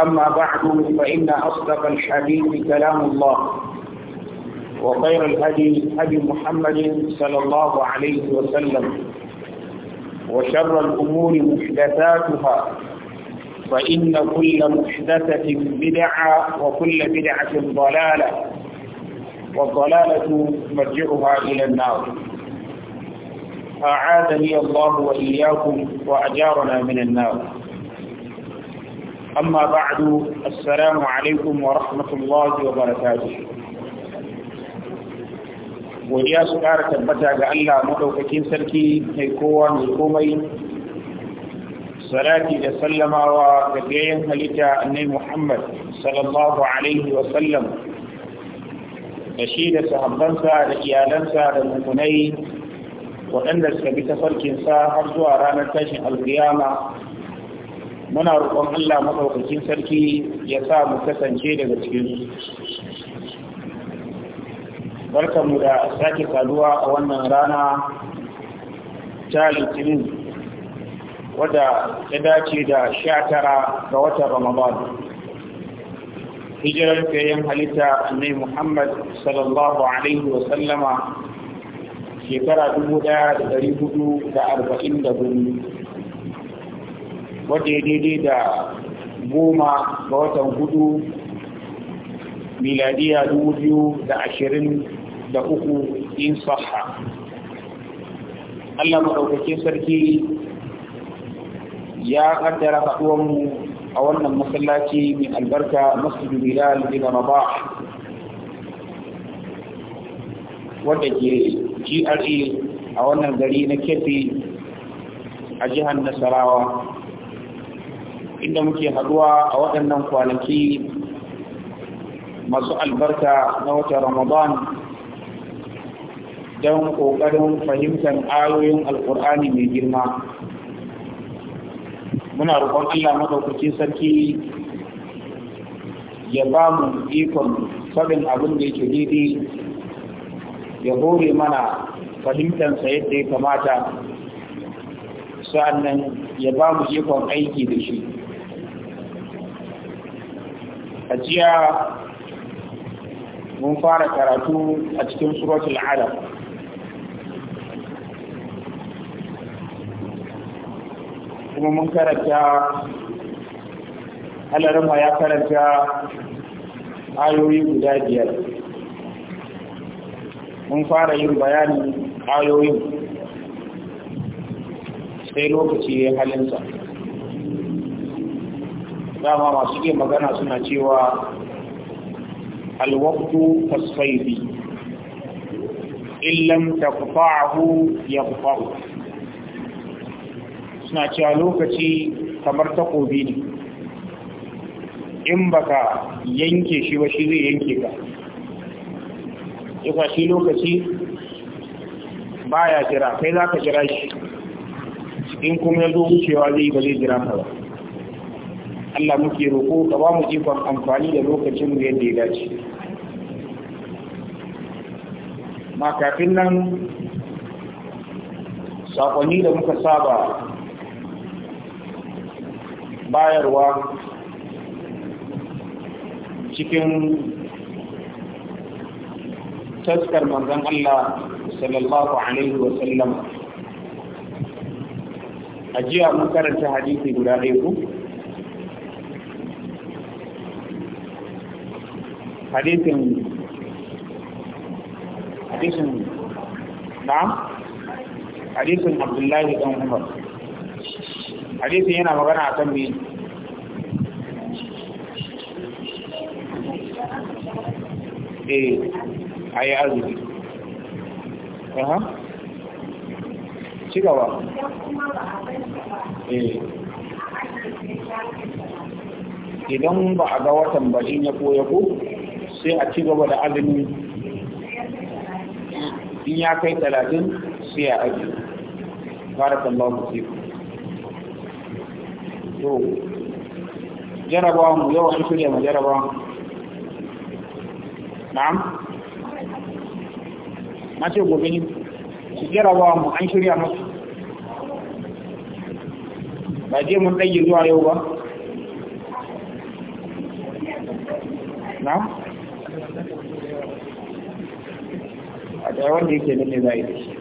أما بعد فإن أصدق الحديث كلام الله وخير الهدي هدي محمد صلى الله عليه وسلم وشر الأمور محدثاتها فإن كل محدثة بدعة وكل بدعة ضلالة والضلالة مرجعها إلى النار أعاذني الله وإياكم وأجارنا من النار أما بعد السلام عليكم ورحمة الله وبركاته وليا سكارة البتا قال مدوك كنسلكي نيكوا نيكومي صلاة سلم وكبيرين هلتا أني محمد صلى الله عليه وسلم نشيد سهبنسا رئيالنسا رمكني وأن السبيت فالكنسا هرزوا رانا تاشن القيامة muna roƙon Allah maɗaukakin sarki ya sa mu kasance daga cikin barkanmu da sake saduwa a wannan rana ta litinin wadda ta dace da sha tara ga watan ramadan hijirar kayan halitta annai muhammad sallallahu alaihi wasallama shekara gudu. wadda ya daidai da goma ga watan hudu miladiya dubu biyu da ashirin da uku in saha Allah maɗaukakin sarki ya ƙaddara mu a wannan masallaci mai albarka masu bilal da rabah wadda ke GRE a wannan gari na kefi a jihar Nasarawa inda muke haduwa a waɗannan kwanaki masu albarka na wata ramadan don ƙoƙarin fahimtar ayoyin alƙur'ani mai girma muna roƙon allah maɗaukaki sarki ya ba mu ikon sabin abin da yake daidai ya hore mana fahimtansa yadda ya kamata sa'annan ya ba mu ikon aiki da shi a jiya mun fara karatu a cikin suratul alaq kuma mun karanta alarma ya karanta ayoyi guda biyar mun fara yin bayanin ayoyin sai lokaci ya halinsa dama masu iya magana suna cewa alwaktu fasfaifi illam ya yaqta'u suna cewa lokaci kamar takobi ne in baka yanke shi ba shi zai yanke ka yaka shi lokaci baya jira kai za ka jira shi in kuma ya zo wucewa zai ba zai jira ka ba Allah muke roƙo ka ba mu ikon amfani da lokacin mu yadda ya dace ma kafin nan sakonni da muka saba bayarwa cikin taskar manzon Allah sallallahu alaihi wa sallam ajiya mun karanta hadisi guda ɗaya ku hadisin abdullahi dan umar hadisin yana magana akan me eh ayi arziki aha cigaba eh. idan ba a ga watan ba in ya ko ko sai a ci gaba da azumi in ya kai talatin sai a aji barakallahu fiku to jarabawa mu yau an shirya mu jarabawa na'am na ce gobe ne su jarabawa mu an shirya masu. ba je mun ɗage zuwa yau ba na'am a da wanda yake nan ne za yi da shi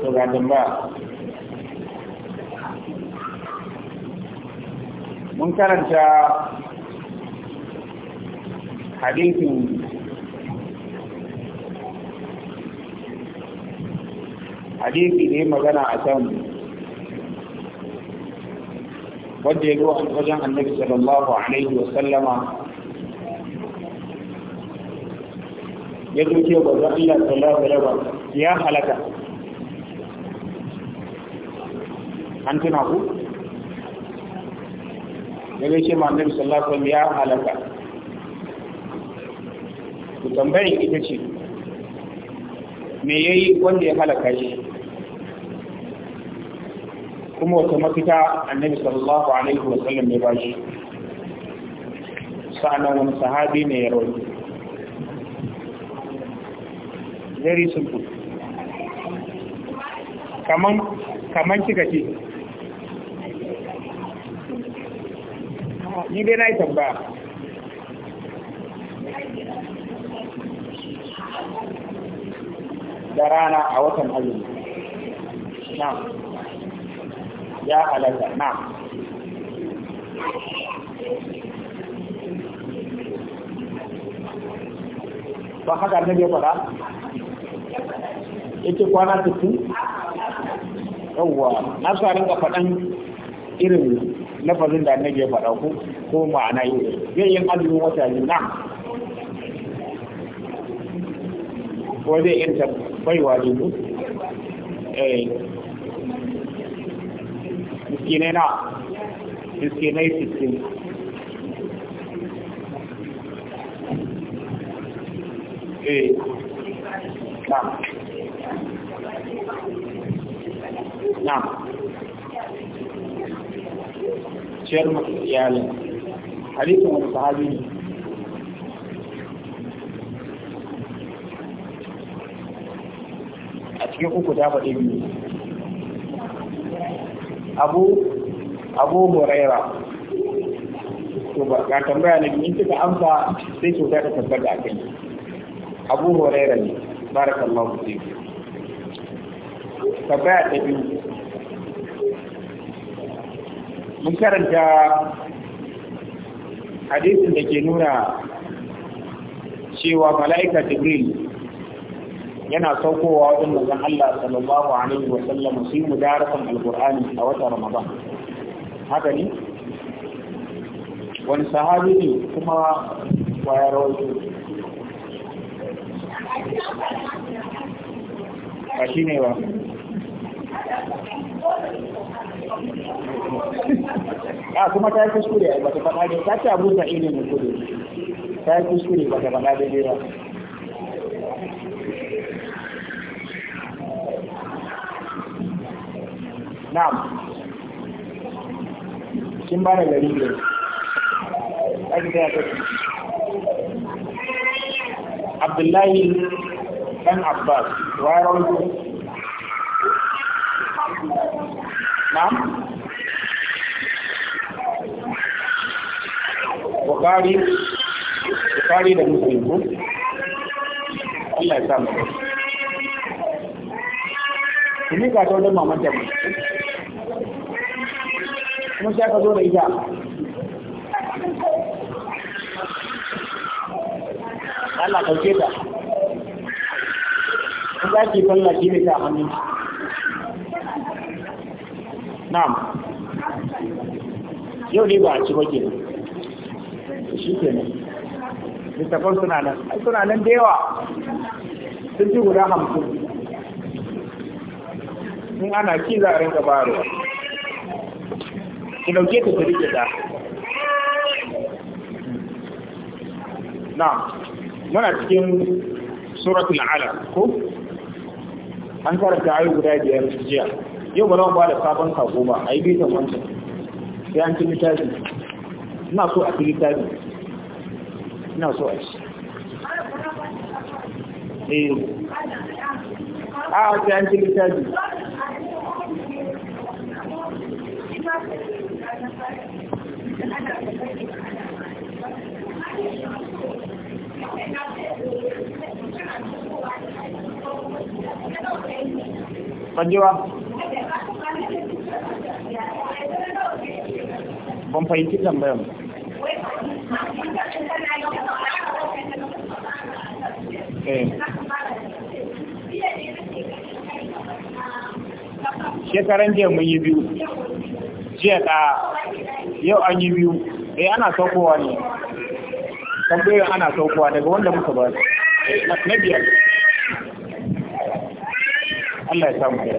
to ga ba mun karanta hadisin hadisi ne magana a can wanda ya zo wajen annabi sallallahu alaihi wa sallama ya zo ba za Allah sallallahu alaihi ba ya halaka an tuna ku ya zo ce ma annabi sallallahu alaihi ya halaka ku tambayar ita ce me yayi wanda ya halaka shi kuma wata mafita annabi sallallahu alaihi wasallam ya bashi sa'anan wani sahabi ne ya rauni very simple kaman kaman kika ce ni dai na yi tambaya da rana a watan azumi na ya alaka na ba haka ne ya faɗa yake kwana 60 yauwa na sa rinka faɗan irin lafazin da na ke faɗa ko ko ma'ana yi zai yin azumin wata yi na ko zai yin baiwa ne ko eh miskinai na miskinai 60 eh Thank na'am ciyar masa iyalin hadisin wani sahabi ne a cikin uku ta faɗi biyu abu abu ka tambaya na in kika amsa sai cuta ta tabbata a kai abu huraira ne barakallahu fi tambaya ta biyu mun karanta hadisin da ke nuna cewa mala'ika jibril yana saukowa wajen manzon Allah sallallahu alaihi wa sallam su yi mudarasan alqur'ani a watan ramadan haka ne wani sahabi ne kuma waya rawaito ba shi ne ba a ah, kuma ta yi kuskure a bata faɗa da ta ce abu ta ilimin kudu ta yi kuskure bata faɗa daidai ba na'am sun ba da gari ne ake ta yi abdullahi ɗan abbas wa ya rawaito نعم bukari bukari da muslim ko Allah ya ka zo da maman ta kuma sai ka zo da ita Allah ka ta kuma ki falla ki ne ta hannu. na'am yau ne ba a ci ba ke shi ke nan littafan suna nan ai suna nan da yawa sun ci guda hamsin in ana ci za a rinka bayarwa ki dauke ta ta rike ta na muna cikin suratul alaq ko an karanta ayu guda biyar jiya yau ba zan ba da sabon sako ba a yi bitan wancan sai an ci littafi ina so a ci littafi ina so a ci eh a sai an ci littafi Kanjewa. ban fahimci tambayan eh. shekaran jiya mun yi biyu jiya da yau an yi biyu eh ana saukowa ne tambayoyin ana saukowa daga wanda muka ba na biyar Allah ya samu ya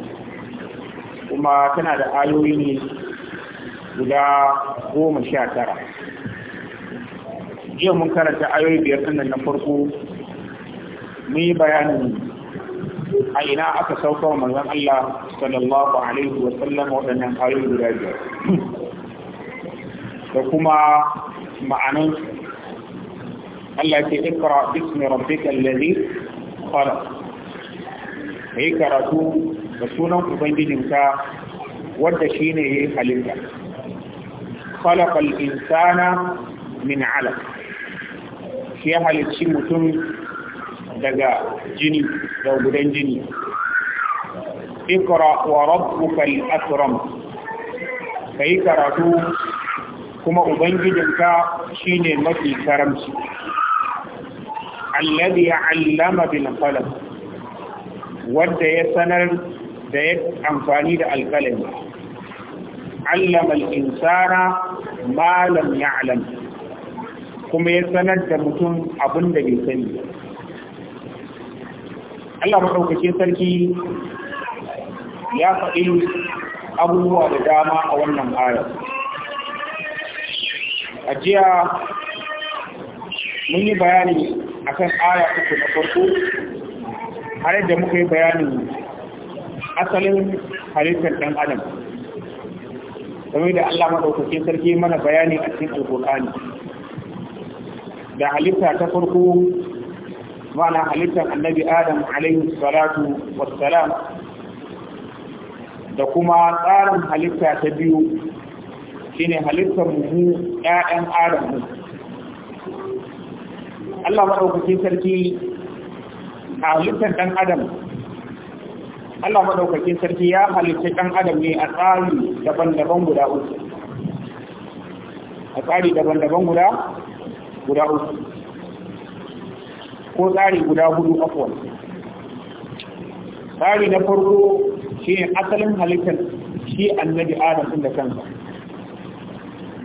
kuma tana da ayoyi ne guda goma sha tara jiya mun karanta ayoyi biyar sannan na farko mun yi bayanin a ina aka sauka wa manzon Allah sallallahu alaihi wa sallam waɗannan ayoyi guda biyar da kuma ma'anan Allah ke ikra bismi rabbika allazi khalaq kai karatu da sunan ubangijinka wanda shine yayi halitta khalaqal insana min 'alaq shi ya halicci mutum daga jini da gudan jini ikra wa rabbuka akram kai karatu kuma ubangijinka shine mafi karamci alladhi 'allama bil qalam wanda ya sanar da ya amfani da alkalami allama al-insana ma ya'lam kuma ya sanar da mutum abin da bai sani Allah madaukakin sarki ya faɗi abubuwa da dama a wannan ayar a jiya mun yi bayani akan aya uku na farko har da muka yi bayanin asalin halittar ɗan adam game da Allah maɗaukakin sarki mana bayani a cikin alƙur'ani da halitta ta farko ma'ana halittar annabi adam alaihi salatu wassalam da kuma tsarin halitta ta biyu shine halittar mu ɗan adam Allah maɗaukakin sarki a halittar ɗan adam Allah madaukakin sarki ya halitta ɗan adam ne a tsari daban-daban guda uku a tsari daban-daban guda guda uku ko tsari guda hudu afuwan tsari na farko shi ne asalin halittar shi annabi adam da kansa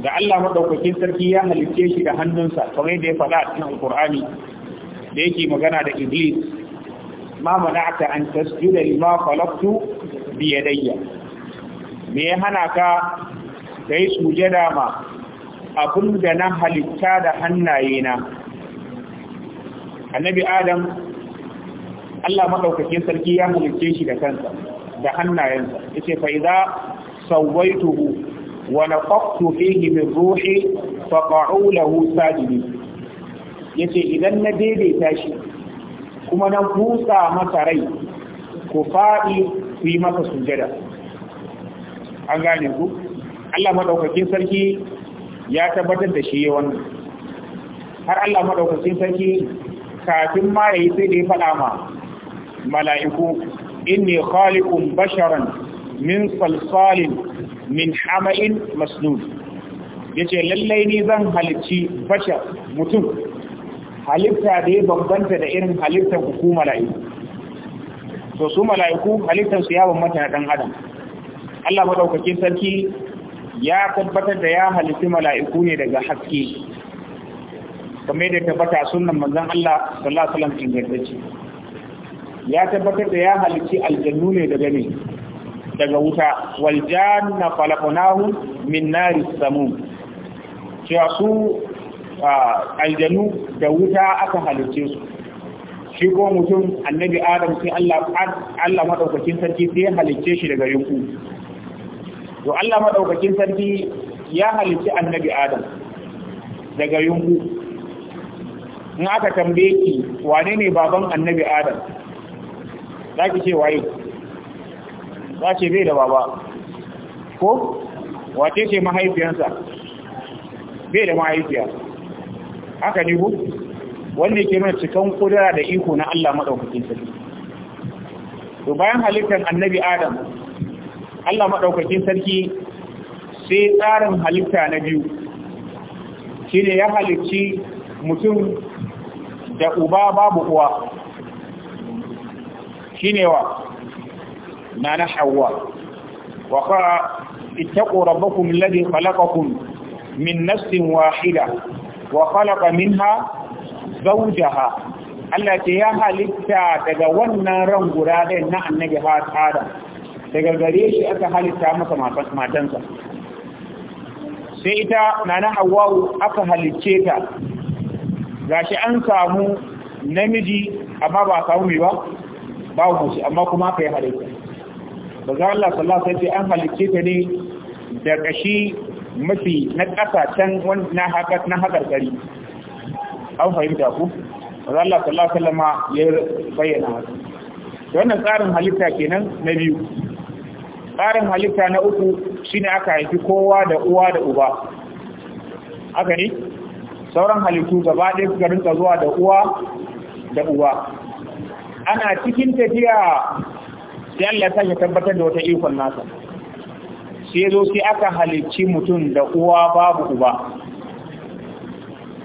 da Allah madaukakin sarki ya halitta shi da hannunsa kamar yadda ya faɗa a cikin alkur'ani da yake magana da iblis ma mana'aka an tasjuda lima khalaqtu bi yadayya me ya hana ka kai sujada ma abin da na halitta da hannayena annabi adam Allah madaukakin sarki ya halicce shi da kansa da hannayensa yace fa idza sawaituhu wa nafaqtu fihi min ruhi faqa'u lahu sajidin yace idan na daidaita shi kuma na busa masa rai ku faɗi ku yi masa sujada an gane ku Allah madaukakin sarki ya tabbatar da shi wannan har Allah madaukakin sarki kafin ma yayi sai da ya faɗa ma mala'iku inni khaliqun basharan min salsalin min hama'in masnun yace lallai ni zan halicci bashar mutum halitta da ya bambanta da irin halittar ku mala'iku so su mala'iku halittar su ya bambanta na dan adam Allah madaukakin sarki ya tabbatar da ya halitti mala'iku ne daga haske kamar da tabbata sunan manzon Allah sallallahu alaihi wasallam ingantacce ya tabbatar da ya halitti aljannu ne daga ne daga wuta wal janna khalaqnahu min nari samum cewa su aljanu da wuta aka halice su shi ko mutum annabi adam sai Allah Allah madaukakin sarki sai ya halicce shi daga yuku to Allah madaukakin sarki ya halicci annabi adam daga yuku in aka tambaye ki wane ne baban annabi adam za ki ce waye za ce bai da baba ko wace ce mahaifiyansa bai da mahaifiya haka ne ku wanda ke nuna cikin kudura da iko na Allah maɗaukakin sarki to bayan halittar annabi adam Allah maɗaukakin sarki sai tsarin halitta na biyu shine ya halicci mutum da uba babu uwa shine wa nana hawa wa qara ittaqu rabbakum alladhi khalaqakum min nafsin wahida wa khalaqa minha zawjaha Allah ce ya halitta daga wannan ran guda ɗin na annabi tsara daga gare shi aka halitta masa matansa sai ita nana Hawwa aka halicce ta gashi an samu namiji amma ba samu mai ba babu shi amma kuma aka yi halitta bazan Allah sallallahu alaihi wasallam an halicce ta ne da kashi mafi na ƙasa can na haka na haka gari an fahimta ku wanda Allah sallallahu alaihi wasallam ya bayyana haka wannan tsarin halitta kenan na biyu tsarin halitta na uku shine aka haifi kowa da uwa da uba aka ne sauran halittu gaba ɗaya suka rinka zuwa da uwa da uwa ana cikin tafiya sai Allah ya tabbatar da wata ikon nasa sai zo sai aka halicci mutum da uwa babu uba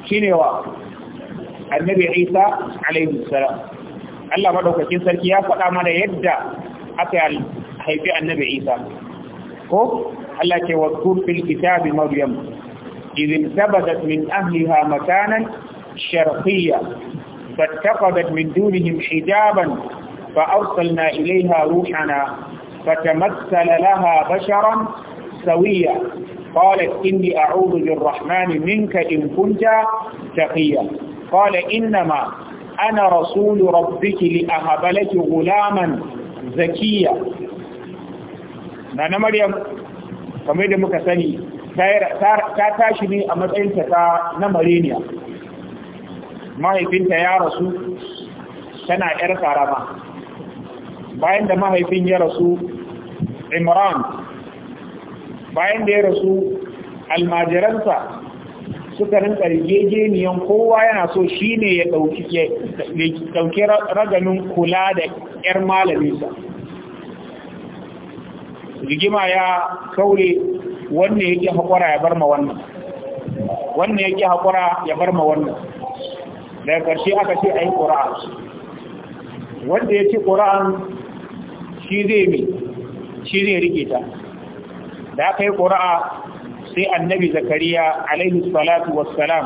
shine wa annabi Isa alaihi salam Allah madaukakin sarki ya faɗa mana yadda aka haifi annabi Isa ko Allah ke wa fil kitabi maryam idin tabadat min ahliha makanan sharqiyya فاتخذت من دونهم حجابا فأرسلنا إليها روحنا فتمثل لها بشرا سويا قالت إني أعوذ بالرحمن منك إن كنت تقيا قال إنما أنا رسول ربك لأهب لك غلاما زكيا نانا مريم kamar مكثني تاتاشني sani أنت تا نمرينيا ما هي بنت يا رسول سنة ya rasu bayan da mahaifin ya rasu imran bayan da ya rasu almajiransa suka rinka rigegeniyan kowa yana so shi ne ya ɗauki ragamin kula da ‘yar malaminsa rigima ya kaure wannan yake haƙura ya bar ma wannan wannan yake haƙura ya bar ma wannan daga ƙarshe aka ce a yi ƙura'an wanda ya ce ƙura'an shi zai mi shi zai rike ta da aka yi ƙura'a sai annabi zakariya alaihi salatu wassalam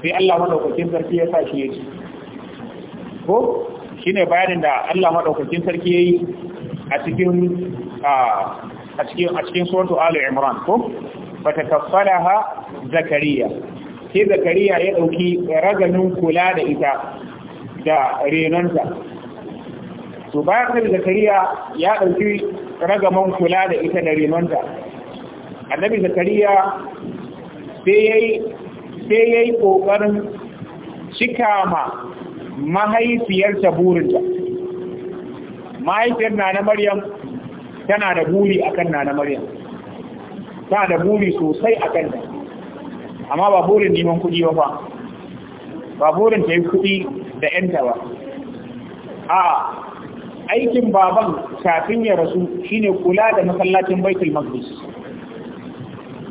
sai Allah madaukakin sarki ya sa shi ya ci ko shine bayanin da Allah madaukakin sarki yayi a cikin a cikin a cikin suratu ali imran ko zakariya sai zakariya ya dauki raganin kula da ita da renonta to bakar zakariya ya ɗauki ragaman kula da ita da rimanta annabi zakariya sai ya yi ƙoƙarin cika ma mahaifiyarta burinta mahaifiyar na na maryam tana da buri akan na na maryam tana da buri sosai kan ta amma ba burin neman kuɗi ba ba ba burin ta yi kuɗi da 'yanta ba a aikin baban kafin ya rasu shine kula da masallacin baitul maqdis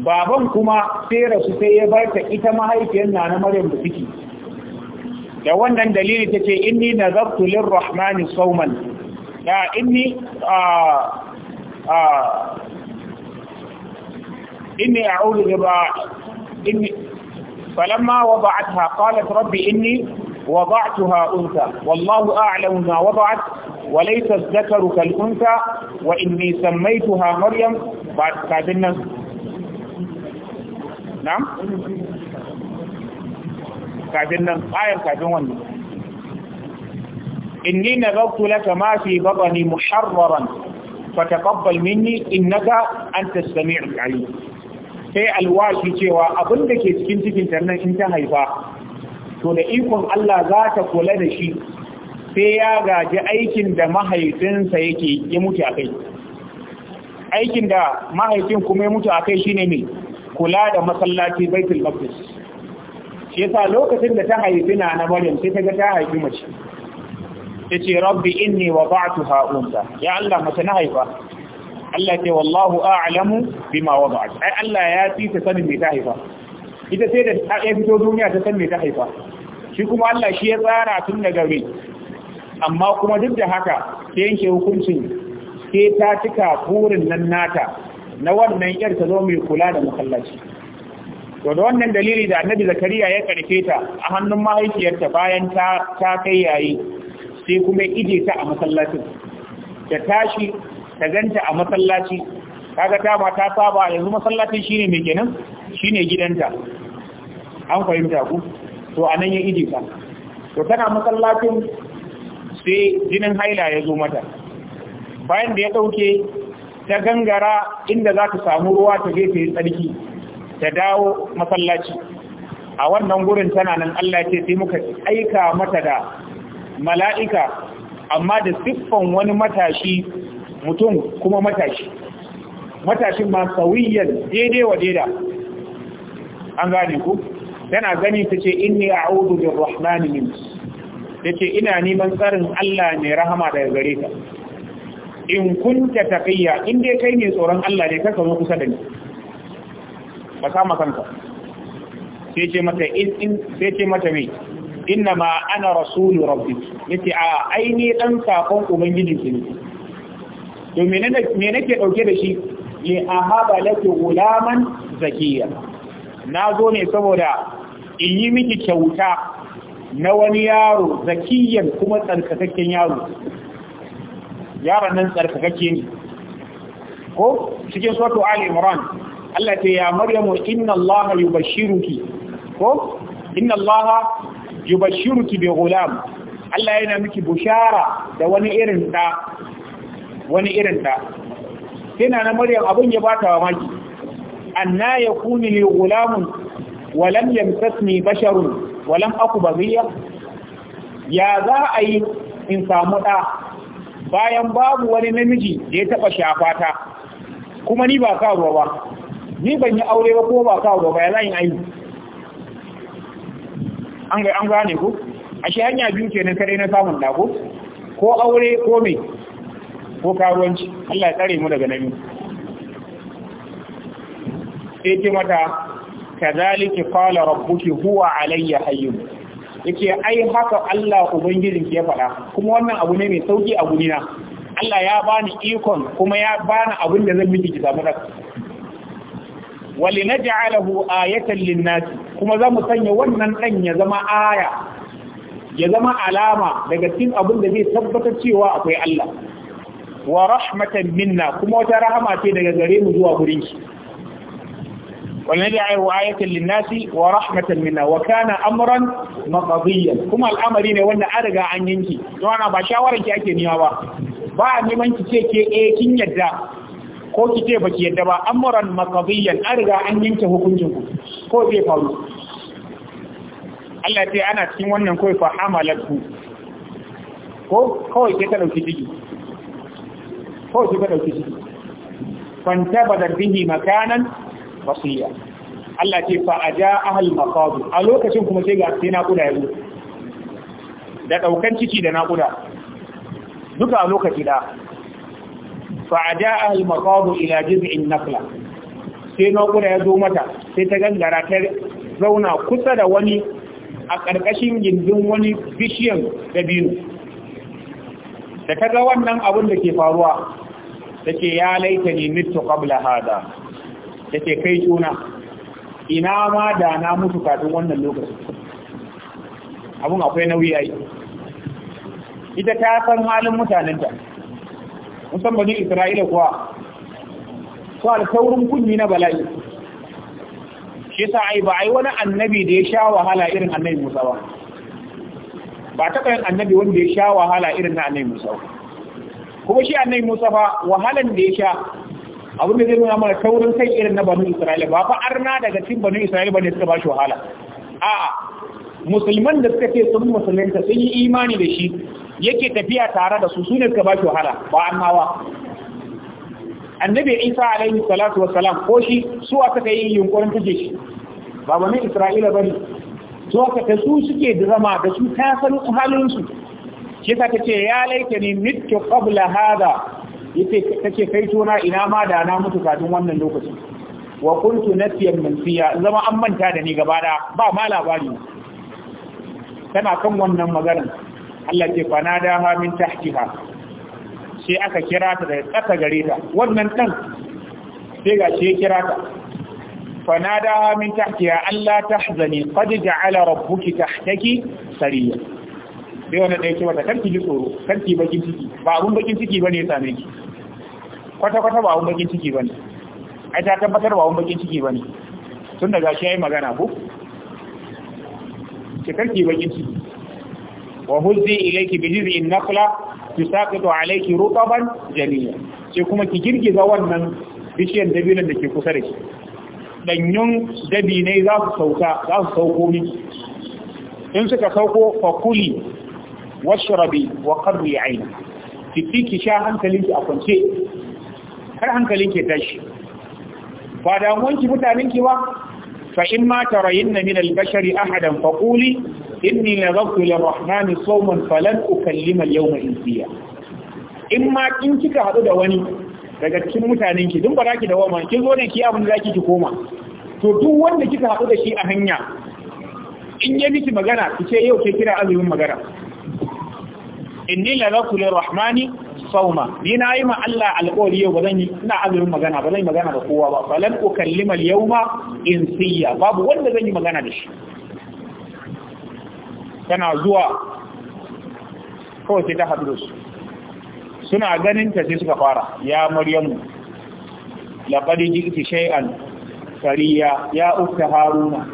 baban kuma sai rasu sai ya bar ta ita mahaifiyar nana maryam da take da wannan dalili tace inni nazartu lirrahmani sawman da inni a a inni a'udhu bi inni فلما وضعتها قالت ربي اني وضعتها أنثى والله أعلم ما وضعت walaita zakaru kal'unta wa inni sammaituha maryam ba kafin nan na'am kafin nan ayar kafin wannan inni nazartu laka ma fi batni muharraran fataqabbal minni innaka sai alwashi cewa abin da ke cikin cikin nan in ta haifa to da ikon Allah za ta kula da shi sai ya gaji aikin da mahaifinsa yake ya mutu a kai aikin da mahaifin kuma ya mutu a kai shine mai kula da masallaci baitul maqdis shi yasa lokacin da ta haifi na na maryam sai ta ga ta haifi mace ta ce rabbi inni wada'tuha unsa ya Allah mace na haifa Allah ce wallahu a'lamu bima wada'at ai Allah ya fi ta sanin me ta haifa ita sai da ta fito duniya ta san me ta haifa shi kuma Allah shi ya tsara tun daga rai amma kuma duk da haka ta yanke hukuncin ke ta cika burin nan nata na wannan yar ta zo mai kula da masallaci to da wannan dalili da annabi zakariya ya karfe ta a hannun mahaifiyarta bayan ta ta kai yayi sai kuma ije ta a masallacin ta tashi ta ganta a masallaci kaga ta ba ta saba yanzu masallacin shine mai kenan shine gidanta an fahimta ku to anan ya ije ta to tana masallacin sai jinin haila ya zo mata bayan da ya ɗauke ta gangara inda za ta samu ruwa ta gefe yi tsarki ta dawo masallaci a wannan gurin tana nan Allah ce sai muka aika mata da mala'ika amma da siffan wani matashi mutum kuma matashi matashin ma sauyiyan daidai wa daida an gane ku tana gani ta ce inni a'udu bin rahmani yace ina neman tsarin Allah mai rahama daga gare ka in kunta taqiyya in dai kai ne tsoron Allah ne ka zo kusa da ni ka kama kanka sai ce mata in sai ce mata me inna ma ana rasulu rabbi yace a ai ni dan sakon ubangiji ne to me ne me nake dauke da shi li ahaba laki gulaman zakiya na zo ne saboda in yi miki kyauta na wani yaro zakiyan kuma tsarkakakken yaro yaron nan tsarkakakke ne ko cikin suratu ali imran Allah ta ya maryamu inna allaha yubashshiruki ko inna allaha yubashshiruki bi ghulam Allah yana miki bushara da wani irin da wani irin da sai na maryam abin ya bata wa maki anna yakuni li ghulamun wa lam yamsasni basharun walam aku bariya ya za a yi in samu ɗa bayan babu wani namiji da ya taɓa shafata kuma ni ba karuwa ba ni ban yi aure ba ko ba karuwa ba ya za yi ayi an gane ku ashe hanya biyu ke nan kare na samun ɗa ko ko aure ko me ko karuwanci Allah ya tsare mu daga nan sai ce mata kazalika qala rabbuki huwa alayya hayyun yake ai haka Allah ubangijin ke faɗa kuma wannan abu ne mai sauki a gurina Allah ya bani ikon kuma ya bani abin da zan miki ki da walinaj'alahu ayatan linnas kuma kuma mu sanya wannan dan ya zama aya ya zama alama daga cikin abin da zai tabbatar cewa akwai Allah wa rahmatan minna kuma wata rahama ce daga gare mu zuwa gurin shi ولنجعله آية للناس ورحمة منا وكان أمرا مقضيا كما الأمر وانا أرجع أن ينكي وانا بشاورك أكي نيابا ba a neman ki ce ke eh kin yadda ko ki ce baki yadda ba amuran maqdiyan an riga an yanke hukuncin ku ko zai faru Allah ce ana cikin wannan koi fa ko kawai ke ta dauki ciki ko ki ka dauki ciki fanta badar bihi makanan wasiya Allah ce fa a ja ahal maqadu a lokacin kuma sai ga sai naƙuda ya zo da ɗaukan ciki da naƙuda. duka a lokaci da fa a ja ahal maqadu ila jiz'in nafla. sai naƙuda ya zo mata sai ta gangara ta zauna kusa da wani a ƙarƙashin gindin wani bishiyan dabino da ta ga wannan abin da ke faruwa ke ya laita ne mitu qabla hada ya ce kai tuna ina ma da na mutu kafin wannan lokacin abun akwai nauyi ya yi ita ta san halin mutanenta musamman isra'ila kuwa su alkaurin kunni na bala'i shi sa ai ba ai wani annabi da ya sha wahala irin annabi musa ba ba taɓa yin annabi wanda ya sha wahala irin na annabi musa kuma shi annabi musa ba wahalan da ya sha abin da zai nuna mana taurin kai irin na banu isra'ila ba fa arna daga cikin banu isra'ila ba ne suka ba shi wahala a'a musulman da suka ce sun musulunta sun yi imani da shi yake tafiya tare da su su ne suka ba shi wahala ba annawa annabi isa alaihi salatu wassalam ko shi su aka kai yunkurin fije shi ba banu isra'ila ba ne su aka ta su suke drama da su ta san halinsu shi ta ce ya laita ne mitu qabla hada yace kace kai tona ina ma da na mutu kafin wannan lokaci wa kuntu nasiyan mansiya zama an manta da ni gaba da ba ma labari tana kan wannan magana Allah ce fa nada ha min tahtiha sai aka kira ta da tsaka gare ta wannan dan sai ga shi kira ta fa nada ha min tahtiha Allah tahzani qad ja'ala rabbuki tahtaki sariya sai wannan da yake mata karki ji tsoro karki bakin ciki ba abun bakin ciki bane ya same ki kwata kwata ba abun bakin ciki bane ai ta tabbatar ba abun bakin ciki bane tun da gashi yayi magana ko ki karki bakin ciki wa huzzi ilayki bi jiz'in naqla tusaqitu alayki rutaban jamia sai kuma ki girgiza wannan bishiyar dabilan da ke kusa da ki danyun ne za su sauka za su sauko miki in suka sauko fakuli washrabi wa qarri ayn ki ki sha hankalinki a kwance kar hankalinki tashi ba da wanki mutanenki ba in فإما ترين من البشر أحدا فقولي إني نذرت للرحمن صوما فلن أكلم اليوم in إما إن kika haɗu da wani daga cikin mutanen ki dun ba ki da wama kin zo ne ki abin da zaki ki koma to duk wanda kika haɗu da shi a hanya in ya miki magana ki ce yau ke kira azumin magana inni la zakuli rahmani sauma ni na yi ma Allah alƙawari yau ba zan yi ina azumin magana ba zan yi magana da kowa ba falan ukallima al-yawma insiya babu wanda zan yi magana da shi tana zuwa kawai sai ta haɗu su suna ganin ta sai suka fara ya maryamu laqad ji'ti shay'an fariya ya ukta haruna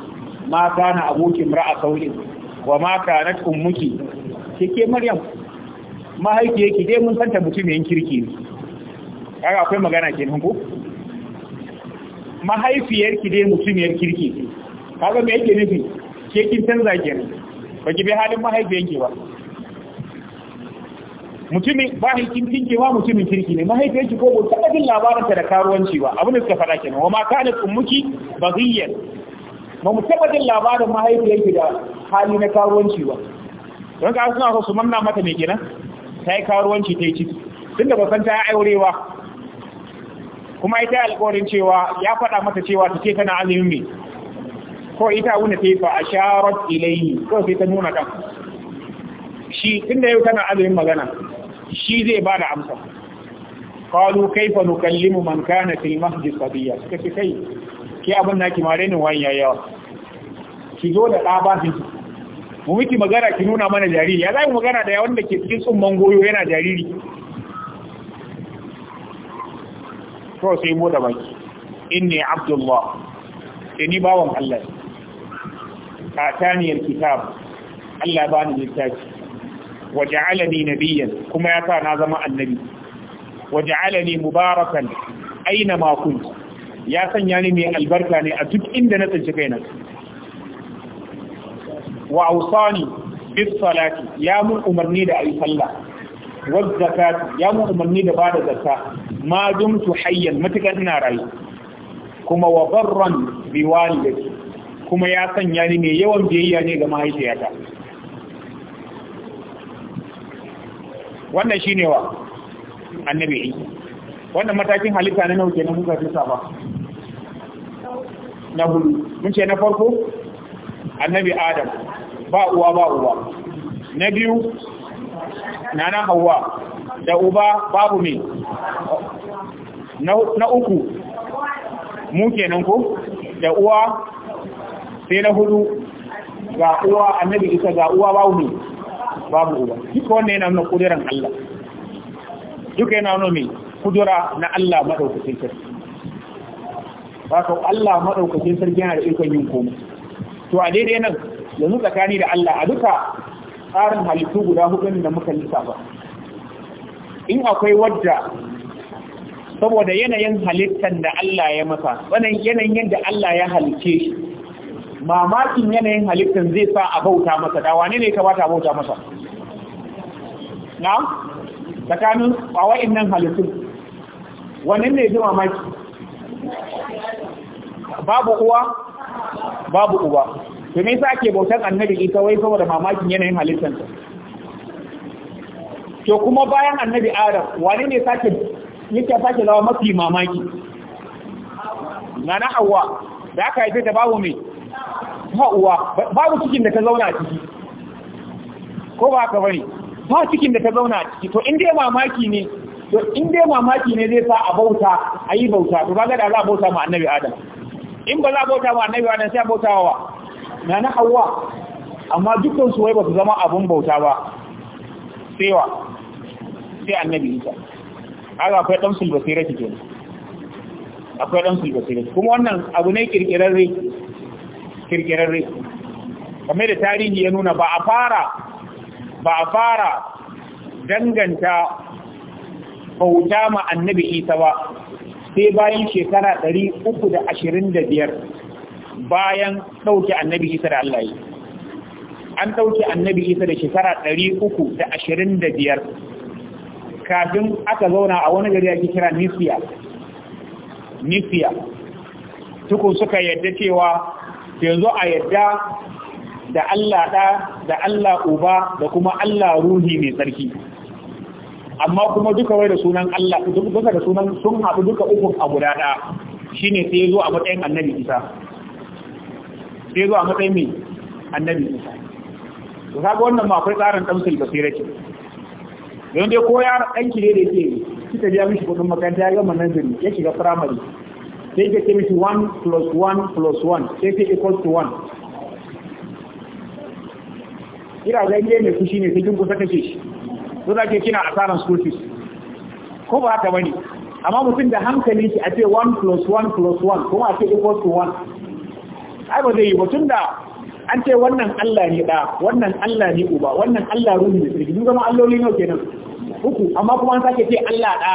ma kana abuki imra'a sawin wa ma kanat ummuki kike maryam mahaifiye ki dai mun santa yin kirki ne kaga akwai magana kenan ko mahaifiyar ki dai yin kirki kaga me yake nufi ke kin canza kenan ba ki bi halin mahaifiyar ki ba ba hin kin kinke ma mutumin kirki ne mahaifiyar ki ko ba ta jin labarin ta da karuwanci ba abin da suka faɗa kenan wa ma kana ummuki baghiyan ba mu taba jin labarin mahaifiyar ki da hali na karuwanci ba don ka suna so su manna mata me kenan ta yi karuwanci ta yi ciki tun da basan ta yi aurewa kuma ita yi alkawarin cewa ya faɗa mata cewa ta ce tana azumin mai ko ita wuna ta yi fa a sharar ilayi ko sai ta nuna kan shi tun da yau tana azumin magana shi zai ba da amsa kalu kaifa nukallimu man kana fil mahdi sabiya suka ce kai ki abin naki mare ne wani yawa ki zo da ɗa ba mu miki magana ki nuna mana jariri ya za mu magana da wanda ke cikin tsumman goyo yana jariri to sai mu da baki inni abdullah sai ni bawan Allah ta taniyar kitab Allah ba ni littafi wa ja'alani nabiyyan kuma ya sa na zama annabi wa ja'alani mubarakan aina ma ya sanya ni mai albarka ne a duk inda na tsinci kaina wa awsani bis salati ya mun umarni da ayi sallah wa zakat ya mun umarni da bada zakka ma dumtu hayyan matakan ina rayu kuma wa barran bi walidati kuma ya sanya ni mai yawan biyayya ne ga mahaifiyata wannan shine wa annabi wannan matakin halitta na nauke na muka fisa ba na hudu mun ce na farko annabi adam ba uwa ba uwa na biyu nana hawa da uba babu mai na uku mu kenan ko da uwa sai na hudu ga uwa annabi isa ga uwa babu mai babu uba duka wannan yana nuna kudiran Allah duka yana nuna me kudura na Allah madaukakin sarki ba Allah madaukakin sarki yana da ikon yin komai to a daidai nan yanzu tsakani da Allah a duka tsarin halittu guda hudun da muka lissafa in akwai wadda saboda yanayin halittar da Allah ya masa wannan yanayin da Allah ya halice shi mamakin yanayin halittar zai sa a bauta masa da wane ne ka a bauta masa na tsakanin ba wa'annan halittun wannan ne ji mamaki babu uwa babu uba sai me yasa ake bautan annabi isa wai saboda mamakin yanayin halittarsa to kuma bayan annabi adam wane ne sake yake sake zama mafi mamaki nana hawa da aka yi da babu mai uwa babu cikin da ta zauna a ciki ko ba ka bane ba cikin da ta zauna a ciki to in dai mamaki ne to in dai mamaki ne zai sa a bauta a yi bauta to ga da za a bauta ma annabi adam in ba za a bauta ma annabi adam sai a bauta wa na na hawa amma dukkan su wai ba su zama abun bauta ba tsewa sai annabi isa kaga akwai dan sulbasira kike akwai dan sulbasira kuma wannan abu ne kirkirarre kirkirarre kamar da tarihi ya nuna ba a fara ba a fara danganta bauta ma annabi isa ba sai bayan shekara 325 bayan ɗauke annabi isa da Allah yi an ɗauke annabi isa da shekara ɗari uku da ashirin da biyar kafin aka zauna a wani gari ake kira nisiya nisiya tukun suka yadda cewa yanzu a yadda da Allah ɗa da Allah uba da kuma Allah ruhi mai tsarki amma kuma duka wai da sunan Allah duka da sunan sun haɗu duka uku a guda ɗaya shine sai zo a matsayin annabi isa sai zuwa matsayin mai annabi Musa. to kaga wannan ma akwai tsarin tamsil basira ce don dai ko ya ɗanki ne da yake kika biya mishi kuɗin makaranta ya gama nazari ya shiga firamare sai ka ce mishi 1 plus 1 plus 1 sai ce equal to 1 Ira kira zange mai fushi ne sai kin kusa kashe shi so za ke kina asaran school fees ko ba haka bane amma mutum da hankalin shi a ce 1 plus 1 plus 1 kuma a ce equal to 1 ai ba zai yi ba da an ce wannan Allah ne da wannan Allah ne uba wannan Allah ruhu ne sarki duk zama alloli ne kenan uku amma kuma an sake ce Allah da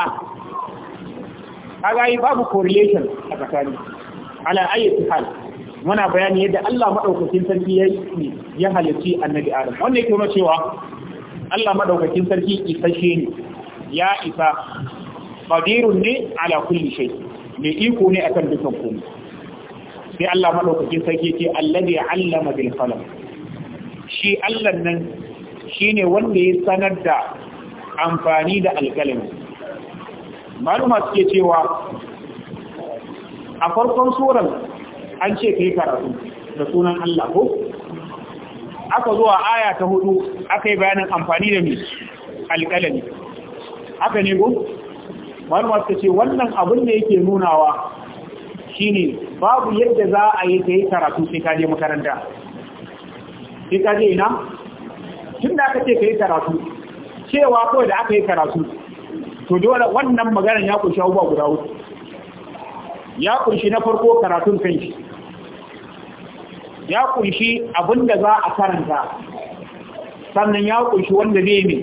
kaga yi babu correlation a tsakani ala ayi hal muna bayani yadda Allah madaukakin sarki ya yi ya halarci annabi Adam wanda yake nuna cewa Allah madaukakin sarki isashe ne ya isa qadirun ne ala kulli shay mai iko ne akan dukkan komai sai Allah madaukakin sarki ce allazi allama bil qalam shi Allah nan shine wanda ya sanar da amfani da alkalami maluma suke cewa a farkon suran an ce kai karatu da sunan Allah ko aka zuwa aya ta hudu aka yi bayanin amfani da mai alkalami haka ne ko maluma suka ce wannan abin da yake nunawa shine babu yadda za a yi ta yi karatu sai ka je makaranta sai ka je ina tun da aka ce ka yi karatu cewa kawai da aka yi karatu to dole wannan maganar ya kunshi abubuwa guda uku ya kunshi na farko karatun kanshi ya kunshi abin da za a karanta sannan ya kunshi wanda zai ne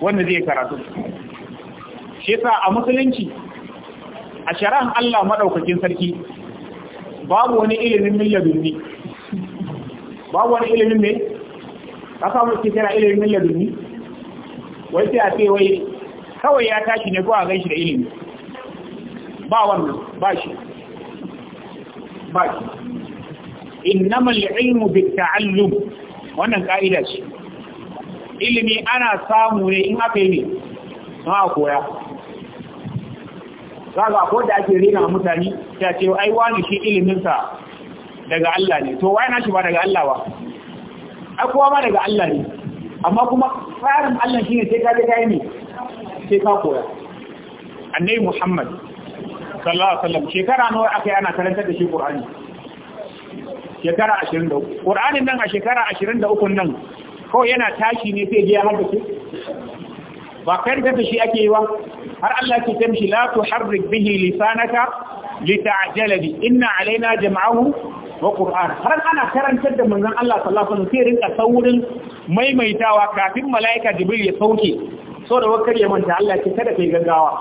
wanda zai karatu shi sa a musulunci a shari'an Allah maɗaukakin sarki babu wani ilimin milladunni babu wani ilimin ne ka samu ke tana ilimin milladunni wai sai a ce wai kawai ya tashi ne ko a ganshi da ilimi ba wannan ba shi ba shi innamal ilmu bi ta'allum wannan ka'ida ce ilimi ana samu ne in aka yi ne ma koya kaga ko da ake rena mutane ta ce ai wani shi ilimin sa daga Allah ne to wai na shi ba daga Allah ba ai kowa ma daga Allah ne amma kuma tsarin Allah shine sai ka ga kai ne sai ka koya annabi Muhammad sallallahu alaihi wasallam shekara nawa aka yi ana karanta da shi Qur'ani shekara 23 Qur'anin nan a shekara 23 nan kawai yana tashi ne sai ya shi? ba karanta da shi ake yi ba har Allah ke ce mishi la tuharrik bihi lisanaka lita'jala bi inna alaina jam'ahu wa qur'an har ana karantar da manzon Allah sallallahu alaihi wasallam sai rinka saurin maimaitawa kafin malaika jibril ya sauke saboda wakar ya manta Allah ke kada kai gaggawa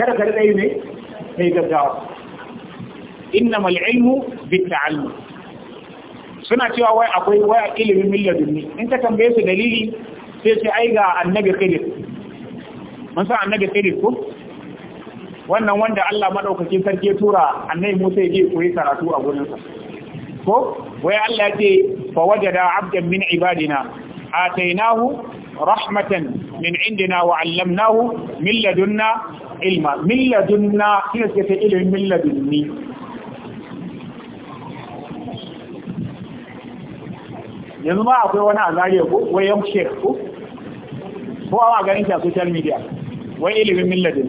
kada ka dai ne kai gaggawa innamal ilmu bitta'allum suna cewa wai akwai wai ilimin milladunni in ka tambaye su dalili sai ce ai ga annabi khidir mun san annabi khidir ko wannan wanda Allah madaukakin sarki ya tura annabi Musa ya je koyi karatu a gurin sa ko wai Allah ya ce fa wajada abdan min ibadina atainahu rahmatan min indina wa 'allamnahu min ladunna ilma milladunna kina ce ta ilimin milladunni yanzu ma akwai wani a zariya ko wayan shek ko ko a ganin shi a social media wai ilimin milladin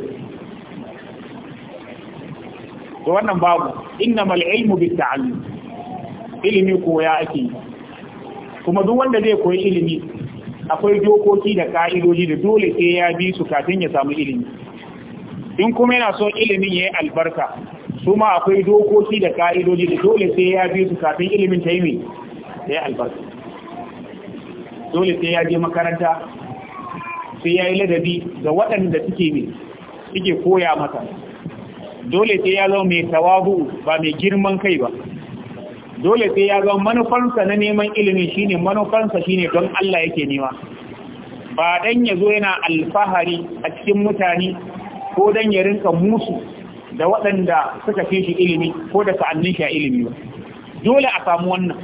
to wannan babu innamal ilmu bit ta'allum ilimi koya ake kuma duk wanda zai koyi ilimi akwai dokoki da ka'idoji da dole sai ya bi su kafin ya samu ilimi in kuma yana son ilimin yayi albarka su ma akwai dokoki da ka'idoji da dole sai ya bi su kafin ilimin ta yi mai albarka dole sai ya je makaranta sai ya yi ladabi ga waɗanda suke ne suke koya mata, dole sai ya zama mai tawabu ba mai girman kai ba dole sai ya zama manufansa na neman ilimi shine manufarsa shine don Allah yake nema ba dan ya zo yana alfahari a cikin mutane ko dan ya rinka musu da waɗanda suka fi shi ilimi ko da sa'annin shi a ilimi ba dole a samu wannan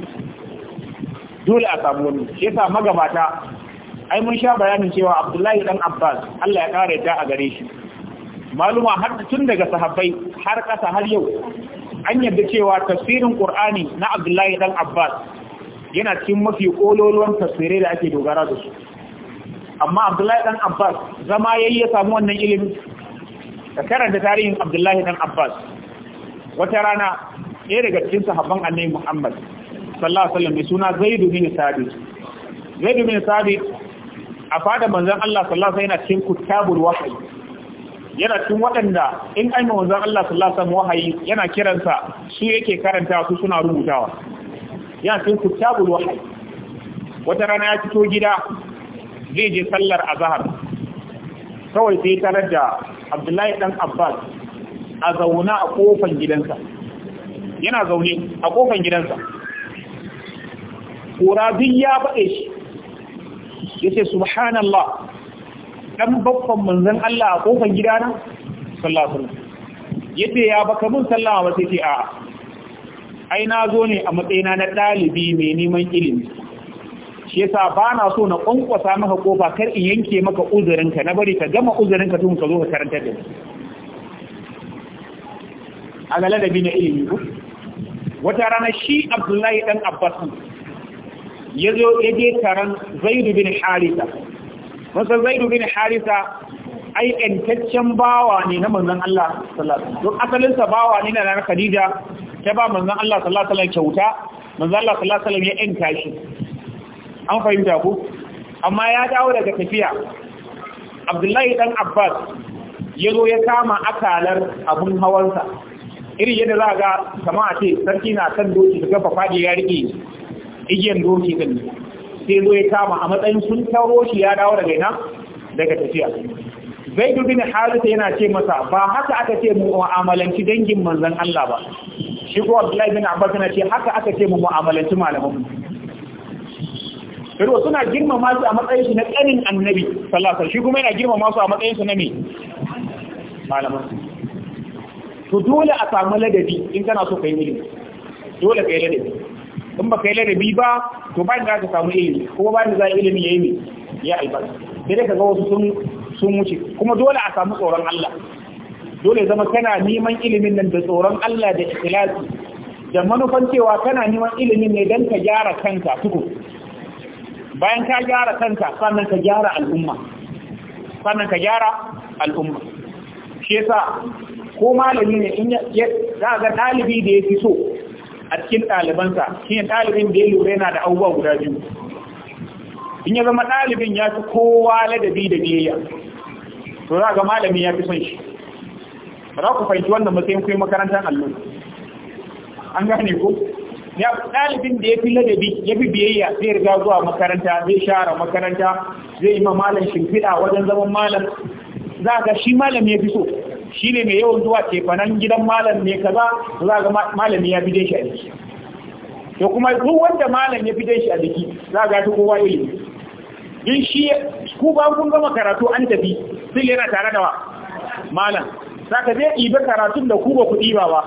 dole a samu wannan shi yasa magabata ai mun sha bayanin cewa abdullahi dan abbas allah ya kare ta a gare shi maluma har tun daga sahabbai har kasa har yau an yadda cewa tafsirin qur'ani na abdullahi dan abbas yana cikin mafi kololuwan tafsirai da ake dogara da su amma abdullahi dan abbas zama yayi ya samu wannan ilimi ka karanta tarihin abdullahi dan abbas wata rana ɗaya daga cikin sahabban annabi muhammad sallallahu alaihi wasallam mai suna zaidu bin sabit zaidu bin sabit a fada manzan Allah sallallahu alaihi wasallam yana cikin kitabul wahyi yana cikin waɗanda in ai manzan Allah sallallahu alaihi wasallam wahayi yana kiransa su yake karanta su suna rubutawa yana cikin kitabul wahyi wata rana ya fito gida zai je sallar azhar kawai sai tarar da Abdullahi dan Abbas a zauna a kofar gidansa yana zaune a kofar gidansa kura duk ya faɗe shi yace subhanallah dan babban manzon Allah a kofar gidana sallallahu alaihi wasallam yace ya baka mun sallama ba sai ce a ai na zo ne a matsayina na dalibi mai neman ilimi shi yasa ba na so na kwankwasa maka kofa kar in yanke maka uzurinka na bari ka gama uzurinka tun ka zo ka karanta da ni a ladabi na ilimi wata rana shi abdullahi dan abbas ya zo ya je taron zaidu bin harisa masan zaidu bin harisa ai ƴantaccen bawa ne na manzon Allah sallallahu alaihi wasallam asalin sa bawa ne na na Khadija ta ba manzon Allah sallallahu alaihi wasallam kyauta manzon Allah sallallahu alaihi wasallam ya ƴanta shi an fahimta ku amma ya dawo daga tafiya Abdullahi dan Abbas ya zo ya kama akalar abun hawansa iri yadda za ga kama ce sarki na kan doki daga fafaje ya rike igiyar doki din sai zo ya kama a matsayin sun taro shi ya dawo daga ina daga tafiya zai dubi dubin harita yana ce masa ba haka aka ce mu mu'amalanci dangin manzan Allah ba shi ko Abdullahi bin Abbas na ce haka aka ce mu mu'amalanci malaman Kiro suna girma masu a matsayin su na ƙarin annabi sallallahu alaihi shi kuma yana girmama a matsayin su na me malaman to dole a samu ladabi in kana so kai ilimi dole kai ladabi in baka yi ladabi ba to ba da ka samu ilimi kuma ba da za ilimi yayi ne ya albarka sai dai kaga wasu sun sun wuce kuma dole a samu tsoron Allah dole zama kana neman ilimin nan da tsoron Allah da ikhlasi da manufan cewa kana neman ilimin ne dan ka gyara kanka tuku bayan ka gyara kanka sannan ka gyara al'umma sannan ka gyara al'umma shi yasa ko malami ne in ya za ga dalibi da ya fi so a cikin ɗalibansa shi ne ɗalibin da ya lura yana da abubuwa guda biyu in ya zama ɗalibin ya fi kowa ladabi da biyayya to za ga malami ya fi son shi ba za ku fahimci wannan matsayin kuyi makarantar allo an gane ko ɗalibin da ya fi ladabi ya fi biyayya zai riga zuwa makaranta zai share makaranta zai yi ma malam shimfiɗa wajen zaman malam za ga shi malam ya fi so Shi ne mai yawan zuwa cefanen gidan malam ne kaza za ga malami ya fide shi a jiki to kuma duk wanda malam ya fide shi a jiki za ga ta kowa ilimi din shi ku ba kun gama karatu an tafi sun yana tare da malam Za ka zai ibe karatun da ku ba ku ɗiba ba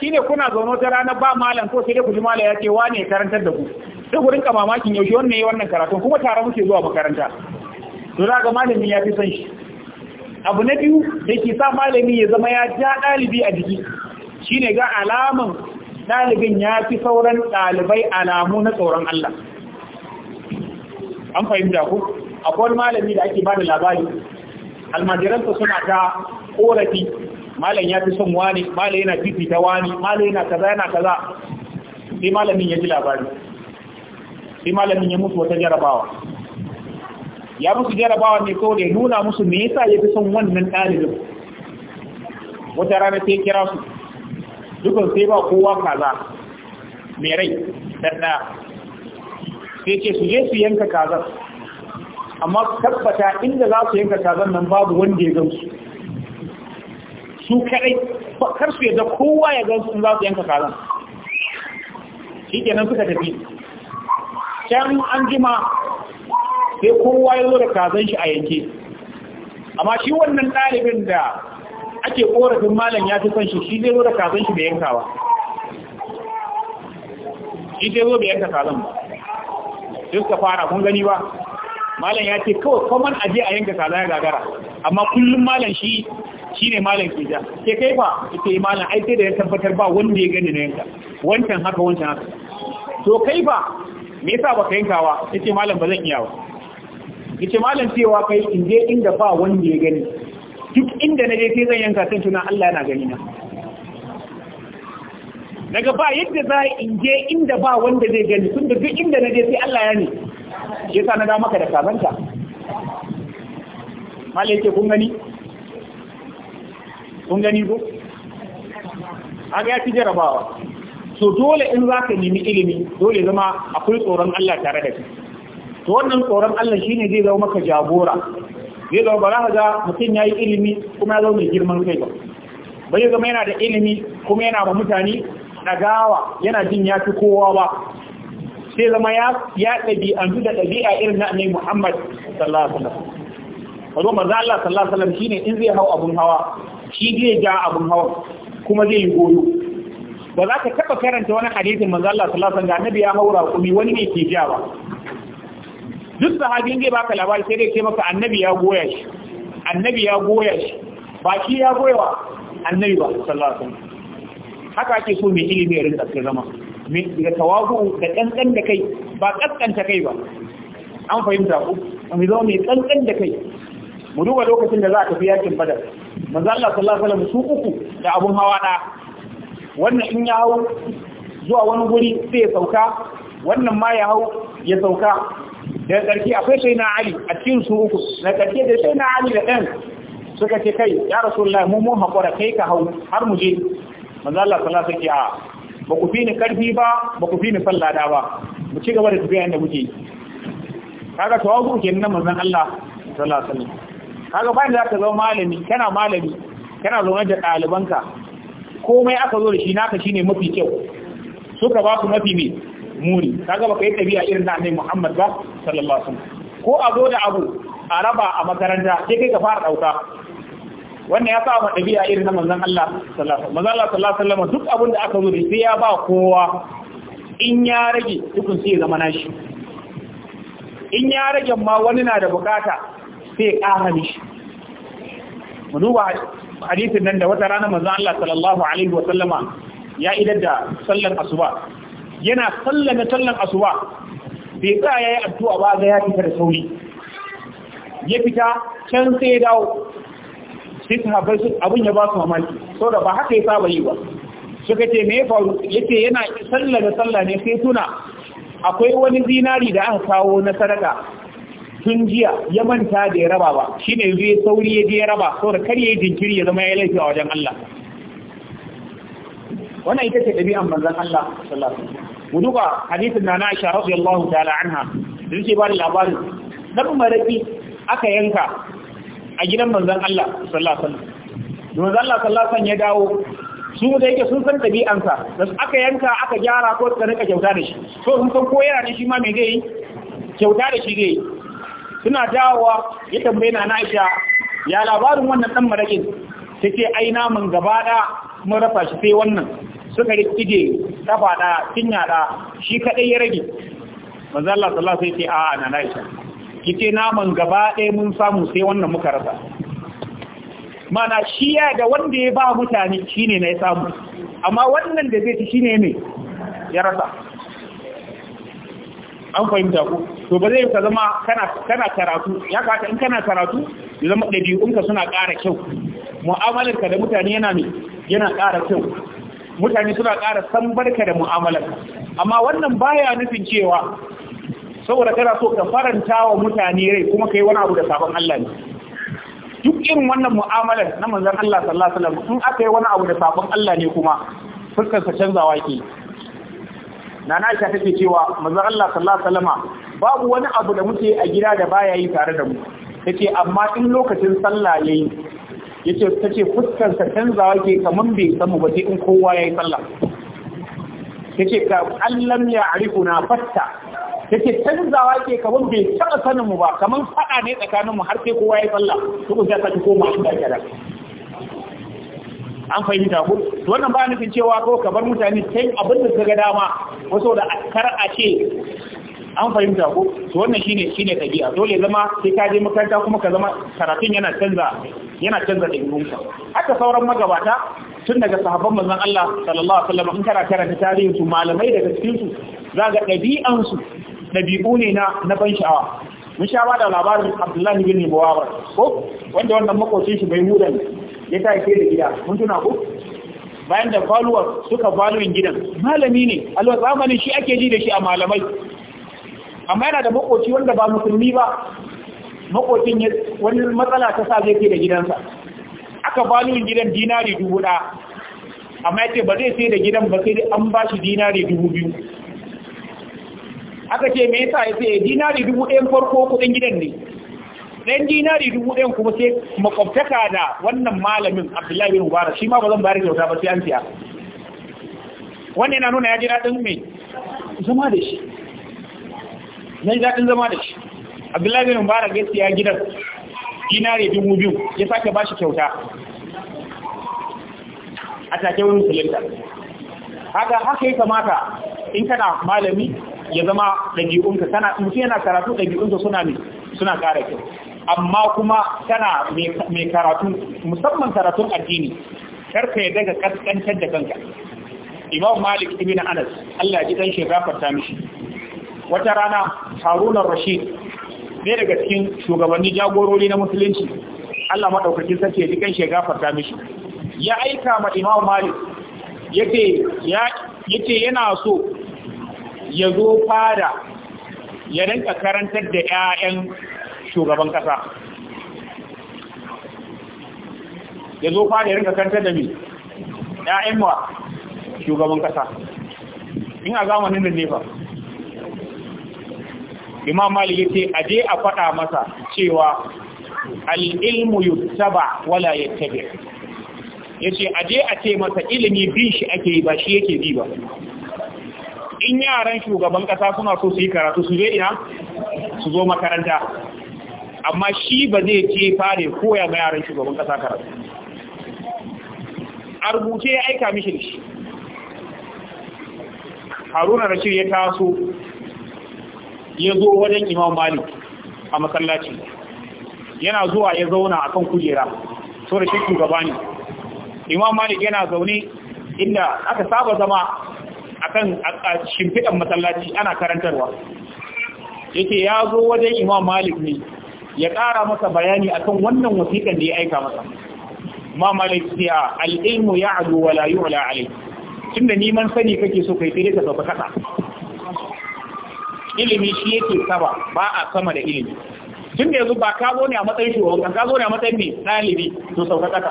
shi ne kuna zaune ta rana ba malam ko sai dai ku ji malam ya ce wane ya karantar da ku sai ku rinka mamakin yaushe wannan yi wannan karatun kuma tare muke zuwa makaranta to za ga malamin ya fi son shi abu na biyu da ke sa malami ya zama ya ja ɗalibi a jiki shi ne ga alaman ɗalibin ya fi sauran ɗalibai alamu na tsoron Allah an fahimta ku akwai malami da ake ba da labari almajiransa suna ta korafi malam ya fi son wani malam yana fifita wani malam yana kaza yana kaza sai malamin ya ji labari sai malamin ya mutu wata jarabawa ya musu jarabawa ne kawai da nuna musu me yasa ya fi son wannan ɗalibin wata rana sai kira su dukan sai ba kowa kaza mai rai ɗan ɗaya sai ce su su yanka kazan amma tabbata inda za su yanka kazan nan babu wanda ya gansu su kaɗai kar su yadda kowa ya gansu in za su yanka kazan shi kenan suka tafi can an jima sai kowa ya zo da kazan shi a yanke amma shi wannan ɗalibin da ake korafin malam ya fi son shi shi zai zo da kazan shi da yankawa shi zai zo da yanka kazan ba sai suka fara kun gani ba malam ya ce kawai kwaman aje a yanka kaza ya gagara amma kullum malam shi shi ne malam ke ja ke kai fa ita yi eh, malam ai sai da ya tabbatar ba wanda ya gani na yanka wancan haka wancan haka to kai fa me yasa baka yankawa ce malam ba zan iya wa yace malam cewa kai in je inda ba wanda ya gani duk inda na je sai zan yanka san tuna Allah yana gani na daga ba yadda za in je inda ba wanda zai gani tun da duk inda na je sai Allah ya ne ya sa na da maka da sabanta malai ce kun gani kun gani ko aga ya ci jarabawa so dole in za ka nemi ilimi dole zama akwai tsoron Allah tare da kai to wannan tsoron Allah shi ne zai zama maka jagora zai zama ba za ka ga mutum ya yi ilimi kuma ya zama mai girman kai ba ba zai zama yana da ilimi kuma yana ba mutane ɗagawa yana jin ya fi kowa ba sai zama ya ɗabi'antu da ɗabi'a irin na annai Muhammad sallallahu alaihi wasallam kazo manzo Allah sallallahu alaihi wasallam shine in zai hau abun hawa shi zai ja abun hawa kuma zai yi goyo ba za ka taɓa karanta wani hadisin manzo Allah sallallahu alaihi wasallam annabi ya haura kuma wani ne ke ja ba duk sahabin zai baka labari sai dai ce maka annabi ya goya shi annabi ya goya shi ba shi ya goya wa annabi ba sallallahu alaihi wasallam haka ake so mai ilimi ya rinka zama da tawagu da kankan da kai ba kankanta kai ba an fahimta ku mu zama mai kankan da kai mu duba lokacin da za a tafi yakin badar manzo Allah sallallahu alaihi wasallam su uku da abun hawa da wannan in ya hau zuwa wani guri sai ya sauka wannan ma ya hau ya sauka da karki akwai sai na ali a cikin su uku na karki da sai na ali da ɗan suka ce kai ya rasulullahi mu mun haƙura kai ka hau har mu je manzo Allah sallallahu alaihi wasallam ba ku fi ni ƙarfi ba ba ku fi ni sallada ba mu ci gaba da tafiya inda muke kaga tawazu kenan manzon Allah sallallahu alaihi wasallam kaga ba da ka zama malami kana malami kana zaune da ɗalibanka komai aka zo da shi naka shine mafi kyau suka ba ku mafi me muni kaga baka yi tabiya irin na annabi Muhammad ba sallallahu alaihi wasallam ko a zo da abu a raba a makaranta sai kai ka fara dauka wannan ya sa ma tabiya irin na manzon Allah sallallahu alaihi wasallam manzon Allah sallallahu alaihi wasallam duk abin da aka zo sai ya ba kowa in ya rage dukun sai zama nashi in ya rage ma wani na da bukata sai ƙara mishi mu duba hadisin nan da wata rana manzon Allah sallallahu alaihi wasallama ya idar da sallar asuba yana sallame sallan asuba bai tsaya yayi addu'a ba ga ya fita da sauri ya fita can sai ya dawo sai su haɓar su abin ya ba su mamaki saboda ba haka ya saba yi ba suka ce me ya faru Ya ce yana sallame sallah ne sai tuna akwai wani zinari da aka kawo na sadaka tun jiya ya manta da ya raba ba shi ne zai sauri ya je ya raba saboda kar ya yi jinkiri ya zama ya laifi a wajen Allah wannan ita ce ɗabi'an manzan Allah sallallahu alaihi wasallam ku hadithin hadisin na Aisha radiyallahu ta'ala anha da yake ba da labarin dan maraki aka yanka a gidan manzon Allah sallallahu alaihi wasallam manzon Allah sallallahu alaihi wasallam ya dawo su da yake sun san dabi'ansa da aka yanka aka gyara ko ta rika kyauta da shi so sun san ko yana da shi ma me gai, kyauta da shi gai. suna dawowa ya tambaye na Aisha ya labarin wannan dan marakin take ai mun gaba da mun rafa shi sai wannan suka rikide kafa da cinya da shi kadai ya rage manzo Allah sallallahu alaihi sallam sai ce a ana Aisha kice naman gaba ɗaya mun samu sai wannan muka rasa mana shi ya da wanda ya ba mutane shine ne ya samu amma wannan da zai ci shine ne ya rasa an fahimta ku to ba zai ka zama kana kana karatu ya kata in kana karatu ya zama ɗabi'unka suna ƙara kyau mu'amalarka da mutane yana ne yana ƙara kyau mutane suna ƙara san barka da mu'amalar amma wannan baya nufin cewa saboda kana so ka faranta wa mutane rai kuma kai wani abu da sabon Allah ne duk irin wannan mu'amalar na manzon Allah sallallahu alaihi wasallam in aka yi wani abu da sabon Allah ne kuma fuskar sa waki na nana Aisha take cewa manzon Allah sallallahu alaihi wasallam babu wani abu da muke a gida da baya yi tare da mu tace amma in lokacin sallah yayi yace tace fuskar sa canzawa ke kaman bai samu ba sai in kowa yayi sallah yace ka allam ya arifuna fatta yace canzawa ke kaman bai taba sanin mu ba kaman fada ne tsakanin mu har sai kowa yayi sallah to kun ta koma inda kada an fahimta ku wannan ba nufin cewa ko ka bar mutane sai abin da suka ga dama wato da akkar a ce an fahimta ku to wannan shine shine tabi'a dole zama sai ka je makaranta kuma ka zama karatun yana canza yana canza ɗabi'unka haka sauran magabata tun daga sahabban manzan Allah sallallahu alaihi wasallam in kana karanta tarihin su malamai daga cikin su za ga ɗabi'ansu. ɗabi'u ne na na ban sha'awa mun sha ba da labarin Abdullahi bin Mubarak ko wanda wannan makocin shi bai hudan ya tafi da gida mun tuna ko bayan da faluwar suka faluwar gidan malami ne alwa zamanin shi ake ji da shi a malamai amma yana da makoci wanda ba musulmi ba makokin wani matsala ta sa zai fi da gidansa aka balin gidan dinari dubu ɗaya amma ya ce ba zai sai da gidan ba sai an ba shi dinari dubu biyu aka ce me yasa ya sai dinari dubu ɗayan farko kudin gidan ne ɗayan dinari dubu ɗayan kuma sai makwabtaka da wannan malamin abdullahi bin mubarak shi ma ba zan bayar kyauta ba sai an siya wannan yana nuna ya ji daɗin mai zama da shi na ji daɗin zama da shi abdullahi bin mubarak ya gidan dinare dubu biyu ya sake ba shi kyauta a take wani musulunta haka haka ya kamata in kana malami ya zama ɗabi'unka kana mutum yana karatu ɗabi'unka suna ne suna ƙara kyau amma kuma tana mai karatu musamman karatun addini karka ya daga ƙasƙantar da kanka imam malik ibn anas Allah ji ɗan shi gafarta mishi wata rana haruna rashid Ne daga cikin shugabanni jagorori na musulunci Allah maɗaukakin sarki ya ji kan shi gafarta mishi ya aika ma Imam Malik yake ya yake yana so ya zo fada ya rinka karantar da ƴaƴan shugaban kasa ya zo fada ya rinka karantar da mi ƴaƴan wa shugaban kasa in a zamanin da ne fa imam malik yace a je a faɗa masa cewa al-ilmu yuttaba wala yattabi yace a je a ce masa ilimi bi shi ake yi ba shi yake bi ba in yaran shugaban kasa suna so su yi karatu su je ina su zo makaranta amma shi ba zai ce fare koya ma yaran shugaban kasa karatu a ya aika mishi da shi haruna rashid ya taso ya zo wajen imam malik a masallaci yana zuwa ya zauna a kan kujera so da shi shugaba imam malik yana zaune inda aka saba zama a kan shimfiɗan masallaci ana karantarwa yake ya zo wajen imam malik ne ya ƙara masa bayani akan wannan wasiƙan da ya aika masa ma malik ya al'ilmu ya adu wala yu'la alai tunda neman sani kake so kai sai ka sauka kasa ilimi shi yake saba, ba a sama da ilimi tun da yanzu ba ka zo ne a matsayin shugaban ka zo ne a matsayin ne ɗalibi to sauka ƙasa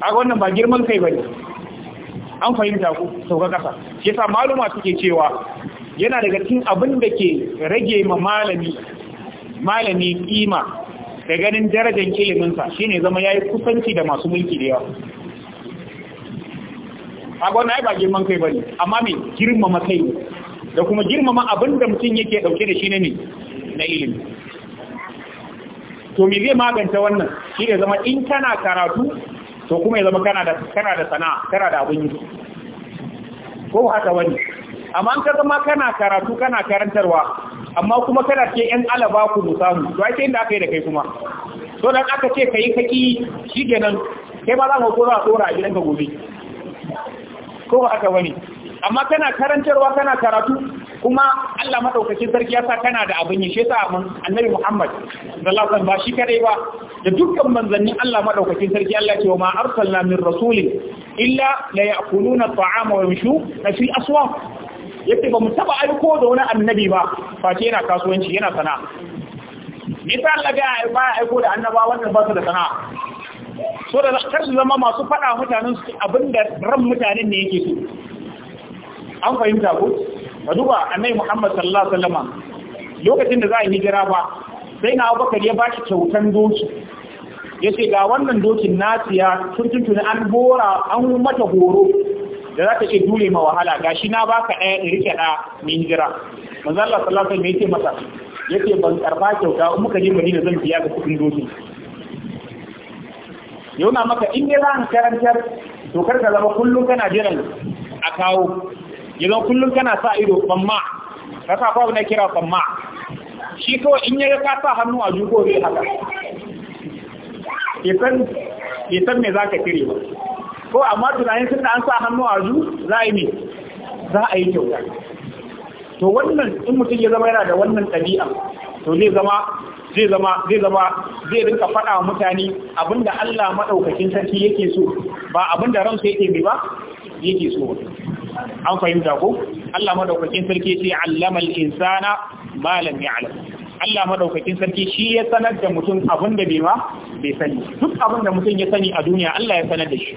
a wannan ba girman kai ba ne an fahimta ku sauka ƙasa shi yasa maluma suke cewa yana daga cikin abin da ke rage ma malami malami kima da ganin darajar iliminsa shine zama yayi kusanci da masu mulki da yawa kaga wannan ai ba girman kai bane amma me girmama kai da kuma girmama abin da mutum yake dauke da shi ne ne na ilimi to me zai maganta wannan shi ne zama in kana karatu to kuma ya zama kana da kana da sana'a kana da abin yi ko haka wani amma an ka zama kana karatu kana karantarwa amma kuma kana ce yan alaba ku samu? to ai sai inda aka yi da kai kuma to dan aka ce kai kaki shi kenan kai ba za ka za a tsora a gidanka gobe ko ba aka bane amma kana karantarwa kana karatu kuma Allah maɗaukacin sarki yasa kana da abin yi shi yasa mun annabi Muhammad sallallahu alaihi ba shi kadai ba da dukkan manzannin Allah madaukakin sarki Allah ce wa ma arsalna min rasulin illa la ya'kuluna at'ama wa yamshu fi aswaq yace ba mu taba aiko da wani annabi ba face yana kasuwanci yana sana'a me yasa Allah ga ba aiko da annaba wannan ba su da sana'a so da kar su zama masu faɗa mutanen su abinda ran mutanen ne yake so an fahimta ko a duba annabi Muhammad sallallahu alaihi wasallam lokacin da za a yi hijira ba sai na Abubakar ya bashi kyautan doki yace ga wannan dokin nasiya tun tuntuni an bora an mata horo da za ta ce dole ma wahala gashi na baka ɗaya in rike ɗa mai hijira manzo Allah sallallahu alaihi wasallam yace masa yace ban karba kyauta in muka je Madina zan biya ga cikin dokin yau na maka in dai za a karantar dokar da ka zama kullum kana jiran a kawo ya kullum kana sa ido kwamma ta sa kwa na kira kwamma shi kawai in ya ka sa hannu a jugo zai haka bai san me za ka kire ba ko amma tunanin sun da an sa hannu a ju za a yi ne za a yi kyauta to wannan in mutum ya zama yana da wannan ɗabi'a to zai zama zai zama zai zama zai rinka faɗa wa mutane abinda Allah madaukakin sarki yake so ba abinda ransa yake bi ba yake so an fahimta ko Allah madaukakin sarki sai allama al-insana ma lam ya'lam Allah madaukakin sarki shi ya sanar da mutum abinda bai ba bai sani duk abinda mutum ya sani a duniya Allah ya sanar da shi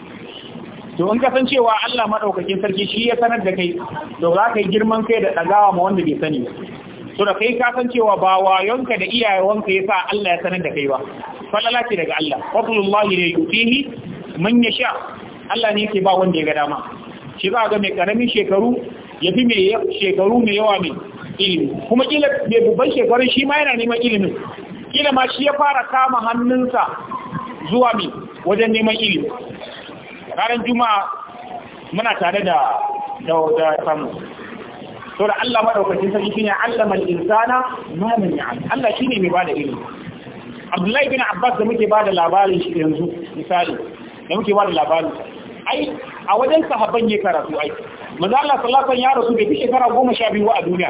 to in ka san cewa Allah madaukakin sarki shi ya sanar da kai to za ka yi girman kai da dagawa ma wanda bai sani ba so da kai kasan cewa ba wayonka da iyayenka yasa Allah ya sanar da kai ba falala ce daga Allah fadlullahi ne yutihi man yasha Allah ne yake ba wanda ya ga dama shi za ga mai karamin shekaru yafi mai shekaru mai yawa mai ilimi kuma kila mai babban shekaru shi ma yana neman ilimin kila ma shi ya fara kama hannunsa zuwa mai wajen neman ilimi ranar juma'a muna tare da da samu so Allah madaukakin sarki shine allama al-insana ma lam ya'lam Allah shine mai bada ilimi Abdullahi bin Abbas da muke bada labarin shi yanzu misali da muke bada labarin ai a wajen sahabban ya karatu ai manzo Allah sallallahu alaihi wasallam ya rasu bai fi shekara 12 ba a duniya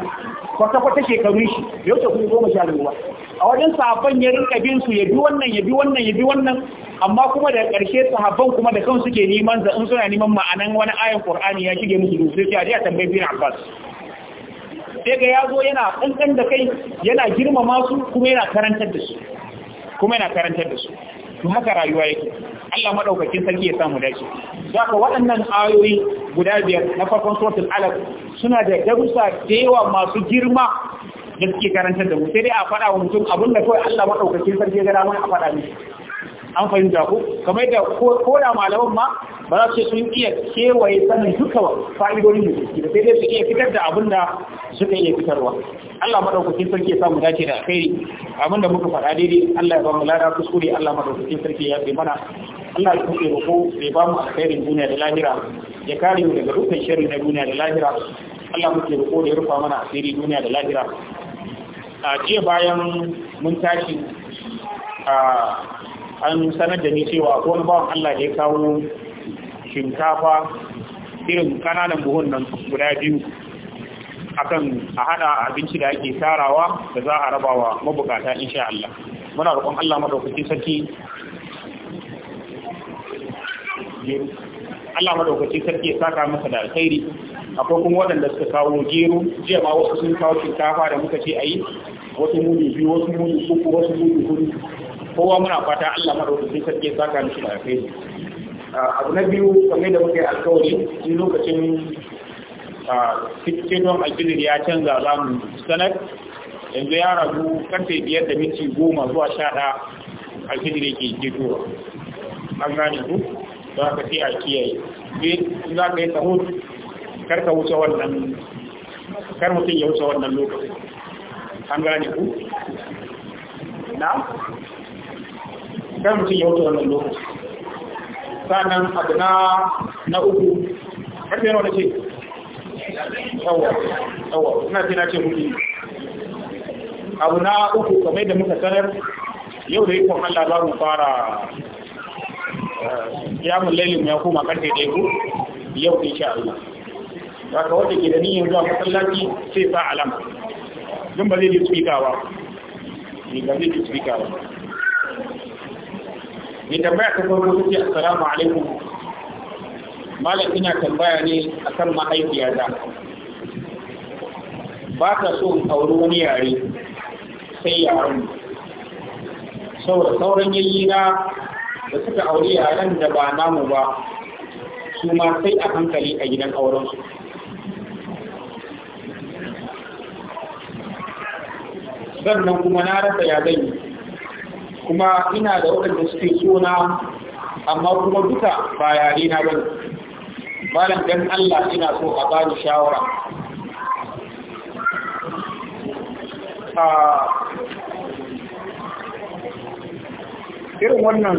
kwata kwata shekarun shi bai wuce kuma 12 ba a wajen sahabban ya rinka bin su ya bi wannan ya bi wannan ya bi wannan amma kuma da ƙarshe sahabban kuma da kansu ke neman za in suna neman ma'anan wani ayan Qur'ani ya shige musu sai a a tambayi bin Abbas sai ga yazo yana kankan da kai yana girmama su kuma yana karantar da su kuma yana karantar da su to haka rayuwa yake Allah madaukakin sarki ya samu dace zaka waɗannan ayoyi guda biyar na farkon suratul alaq suna da darussa da yawa masu girma da suke karantar da mu sai dai a faɗawa wa mutum abinda kawai Allah madaukakin sarki ya gada mun a faɗa mishi an fahimta ko kamar da ko da malaman ma ba za su sun iya kewaye sanin duka fa'idodin da suke sai dai su iya fitar da abin da suka iya fitarwa Allah madaukakin sarki ya samu dace da kai abin da muka faɗa daidai Allah ya ba mu lada kuskure Allah madaukakin sarki ya bi mana Allah ya kuke roƙo ya ba mu alkhairin duniya da lahira ya kare mu daga dukkan sharri na duniya da lahira Allah muke roƙo da ya rufa mana asiri duniya da lahira a jiya bayan mun tashi a an sanar da ni cewa ko wani bawan Allah da ya kawo shinkafa irin kananan buhun nan guda biyu akan a hada abinci da ake tarawa da za a rabawa mabukata insha Allah muna roƙon Allah madaukakin sarki Allah madaukakin sarki ya saka masa da alkhairi akwai kuma waɗanda suka kawo gero jiya ma wasu sun kawo shinkafa da muka ce ayi wasu muni biyu wasu muni uku wasu muni hudu kowa muna fata Allah madaukakin sarki ya saka mishi da alheri abu na biyu kamar da muke alkawari in lokacin fitketon alfilir ya canza za mu sanar yanzu ya ragu karfe biyar da minti goma zuwa sha ɗaya alfilir ke jetowa an gane ku za ka sai a kiyaye za ka yi taho kar ka wuce wannan kar mutum ya wuce wannan lokacin an gane ku na kar mutum ya wuce wannan lokaci sannan abu na na uku karfe yana da ce yawa yawa ina ce na ce mutum abu na uku kamar da muka sanar yau da ikon Allah za mu fara ya mun mu ya koma karfe da yau da insha Allah daga wanda ke da niyyar zuwa masallaci sai sa alama don ba zai ji tsikawa ba zai ji tsikawa mai tambaya ta farko ta ce assalamu alaikum malam ina tambaya ne akan da. ba ta so in auri wani yare sai yaren saboda sauran yayi na da suka auri yaren da ba namu ba su ma sai a hankali a gidan auren aurensu sannan kuma na rasa ya zai kuma ina da waɗanda suke suna amma kuma duka ba yare na bane malam dan Allah ina so a bani shawara a irin wannan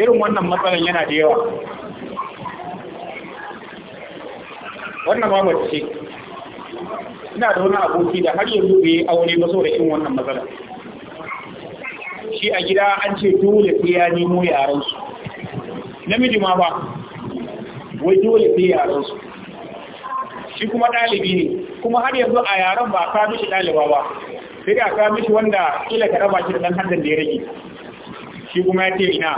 irin wannan matsalan yana da yawa wannan ba mace ina da wani aboki da har yanzu bai aure ba saboda irin wannan matsalan shi a gida an ce dole sai ya nemo yaran su namiji ma ba wai dole sai yaran su shi kuma dalibi ne kuma har yanzu a yaran ba ka mishi daliba ba sai da ka mishi wanda kila ka raba shi da ɗan da ya rage shi kuma ya ce ina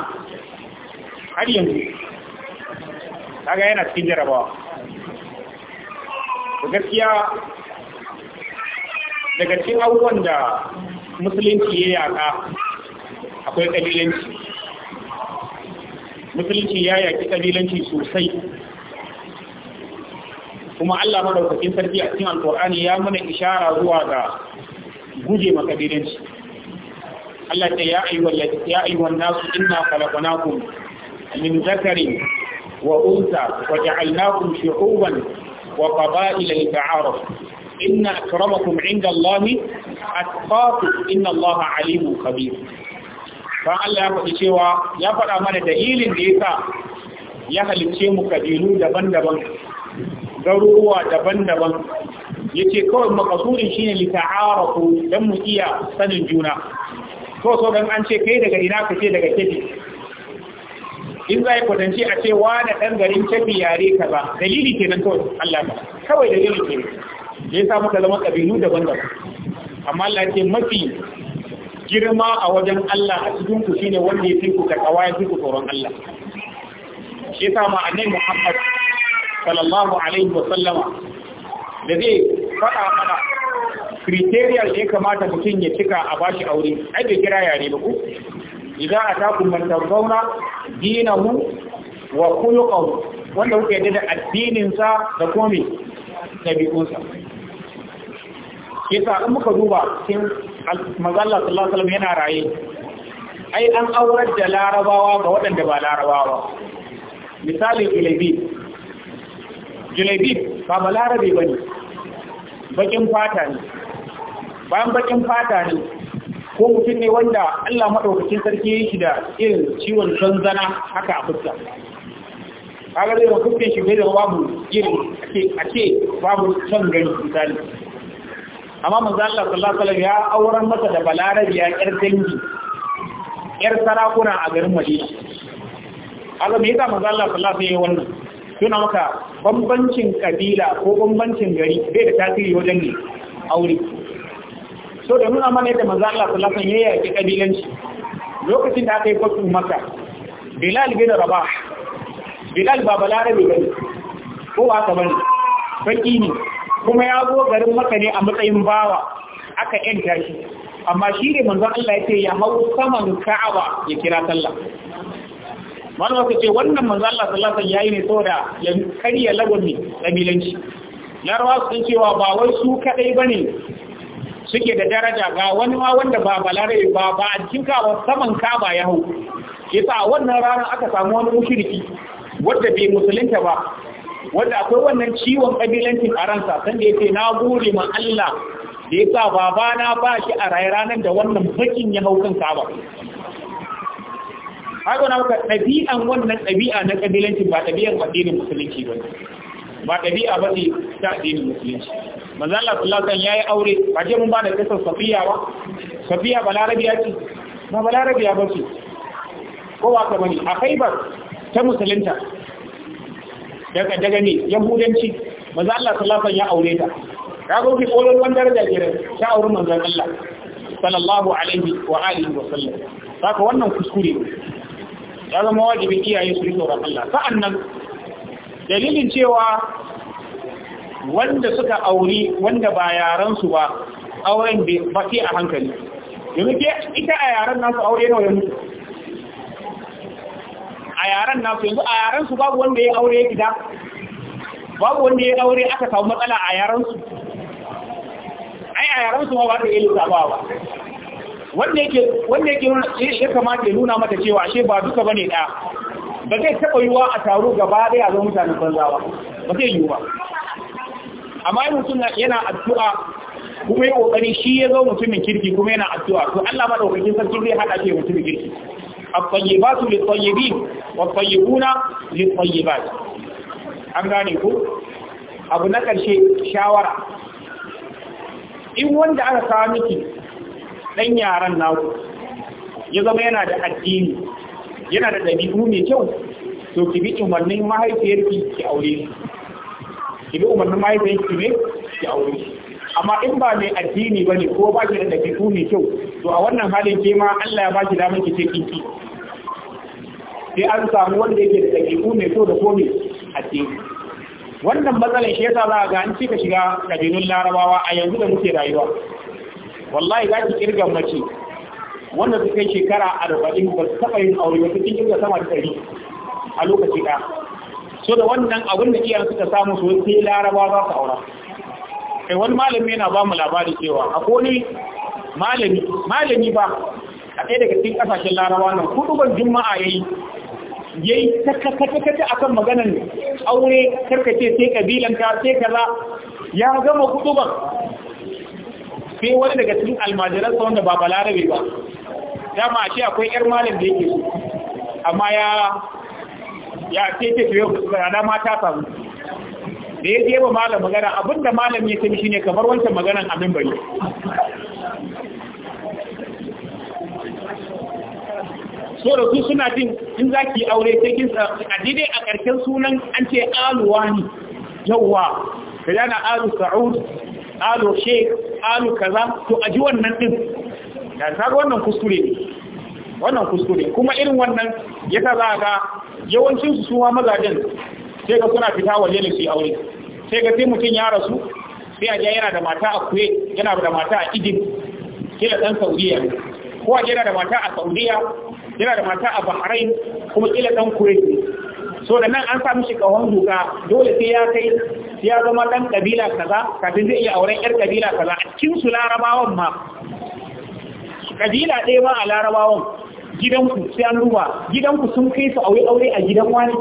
har yanzu kaga yana cikin jarabawa gaskiya daga cikin abubuwan da musulunci ya yaka akwai kabilanci musulunci ya yaki kabilanci sosai kuma Allah madaukakin sarki a cikin alkur'ani ya muna ishara zuwa ga guje ma kabilanci Allah ta ya ayyuhal ya ayyuhan nasu inna khalaqnakum min dhakarin wa unsa wa ja'alnakum shu'uban wa qaba'ila lita'arafu inna akramakum 'inda Allah atqakum inna Allah 'alimun khabir kan Allah ya faɗi cewa ya faɗa mana dalilin da yasa ya halicce mu kabilu daban-daban garuruwa daban-daban yace kawai makasurin shine li ta'arafu dan mu iya sanin juna ko so dan an ce kai daga ina kace daga kefi in zai kwatance a ce wa da dan garin kefi yare ka ba? dalili kenan kawai Allah ba kawai dalili kenan yasa muka zama kabilu daban-daban amma Allah ya ce mafi girma a wajen Allah a cikin ku shine wanda ya fi ku takawa ya fi ku tsoron Allah shi yasa ma annabi Muhammad sallallahu alaihi wa sallama da zai faɗa mana criteria da ya kamata mutum ya cika a bashi aure ai bai kira yare ba ku idan atakum man tawzauna dinahu wa khuluquhu wanda kuke da addinin sa da komai dabi'unsa yasa in muka duba cikin mazallar sallallahu alaihi yana raye ai an aurar da larabawa ga waɗanda ba larabawa misali julaibib julaibib ba ba larabe ba ne bakin fata ne bayan bakin fata ne ko mutum ne wanda allah maɗaukacin sarki ya shi da irin ciwon zanzana haka a fuska kaga zai ba fuskin shi bai da babu irin ake babu son gani misali amma manzo Allah sallallahu alaihi ya auren masa da balarabiya yar dangi yar sarakuna a garin Madina Allah me yasa manzo Allah sallallahu alaihi wannan tuna maka bambancin kabila ko bambancin gari bai da tasiri wajen ne aure so da mun mana yadda manzo Allah sallallahu alaihi ya yaki kabilanci lokacin da aka yi fatu maka Bilal bin Rabah Bilal ba balarabe bane ko aka bane baki ne kuma ya zo garin maka ne a matsayin bawa aka yanta shi amma shi ne manzon Allah ya ce ya hau saman Ka'aba ya kira sallah malama ka ce wannan manzon Allah sallallahu alaihi wasallam yayi ne saboda ya kariya lagwami kabilanci larawa sun cewa ba wai su kadai bane suke da daraja ga wani ma wanda ba balare ba ba a cikin Ka'aba saman Ka'aba ya hau yasa wannan ranar aka samu wani mushriki wanda bai musulunta ba wanda akwai wannan ciwon kabilancin a ransa sanda yake na gode ma Allah da ya sa babana ba shi a raye ranar da wannan bakin ya haukan saba haka na kuka ɗabi'an wannan ɗabi'a na kabilancin ba ɗabi'ar addinin musulunci ba ba ɗabi'a ba ne ta addinin musulunci manzala sallallahu alaihi yayi aure ba je mun ba da kasar safiya ba safiya larabiya ce ba larabiya ba ce ko ba ka bane a khaibar ta musulunta daga daga ne yahudanci Maza Allah sallallahu ya aure ta kaga ki kolon wanda daraja kira ta aure manzo Allah sallallahu alaihi wa alihi wa sallam saka wannan kuskure ya zama wajibin iyaye su rika Allah sa'annan dalilin cewa wanda suka aure wanda ba yaran su ba auren bai a hankali ke ita a yaran nasu aure nawa ya mutu a yaren nasu yanzu a yaren su babu wanda ya aure gida babu wanda ya aure aka samu matsala a yaren su ai a yaren su ma ba da ilin sabawa wanda yake wanda yake ya kamata ya nuna mata cewa ashe ba duka bane da ba zai taɓa yiwuwa a taro gaba da zo mutanen banza ba ba zai yiwu ba amma yin mutum yana addu'a kuma yi kokari shi ya zo mutumin kirki kuma yana addu'a to Allah madaukakin sarki zai hada shi mutumin kirki الطيبات للطيبين والطيبون للطيبات an gane ku abu na ƙarshe shawara in wanda aka kawo miki ɗan yaran naku ya zama yana da addini yana da ɗabi'u mai kyau to ki bi umarnin mahaifiyarki ki aure ki bi umarnin mahaifiyarki ne ki aure amma in ba mai addini ba ne ko ba ki da ɗabi'u mai kyau to a wannan halin ke ma Allah ya baki damar ki ce kiki sai an samu wanda yake da dabi'u mai so da komai a ce wannan matsalar shi yasa za ga an cika shiga kabilun larabawa a yanzu da muke rayuwa wallahi za ki kirga mace wanda su kai shekara arba'in ba su taɓa yin aure ba su kirga sama da ɗari a lokaci ɗaya so da wannan abin da iyayen suka samu su sai larabawa za su aura kai wani malami yana ba mu labari cewa 'A akwai malami ba a ɗaya daga cikin kasashen larawa nan kudu ban juma'a yayi yayi takakakakata akan maganan aure karkace sai ta sai kaza ya gama kudu sai wani daga cikin sa wanda ba balarabe ba dama shi akwai yar malam da yake so amma ya ya tete fiye rana ma ta samu da ya jeba malam magana abinda malam ya shi shine kamar wancan maganan abin bari so da su suna jin in za ki aure sai kin a dide a ƙarshen sunan an ce alwani yawa yawwa ka yana alu sa'ud alu sheik alu kaza to a ji wannan din da ta wannan kuskure ne wannan kuskure kuma irin wannan ya ta za ga yawancin su suwa mazajen sai ga suna fita waje ne su yi aure sai ga sai mutum ya rasu sai a yana da mata a kuwe yana da mata a idin sai da ɗan saudiya ko a yana da mata a saudiya yana da mata a bahrain kuma kila dan kuwait so da nan an samu shi kawon duka dole sai ya kai ya zama dan kabila kaza kafin zai iya auren yar kabila kaza a cikin su larabawan ma kabila ɗaya ma a larabawan gidanku sai an ruba gidanku sun kai su aure aure a gidan wani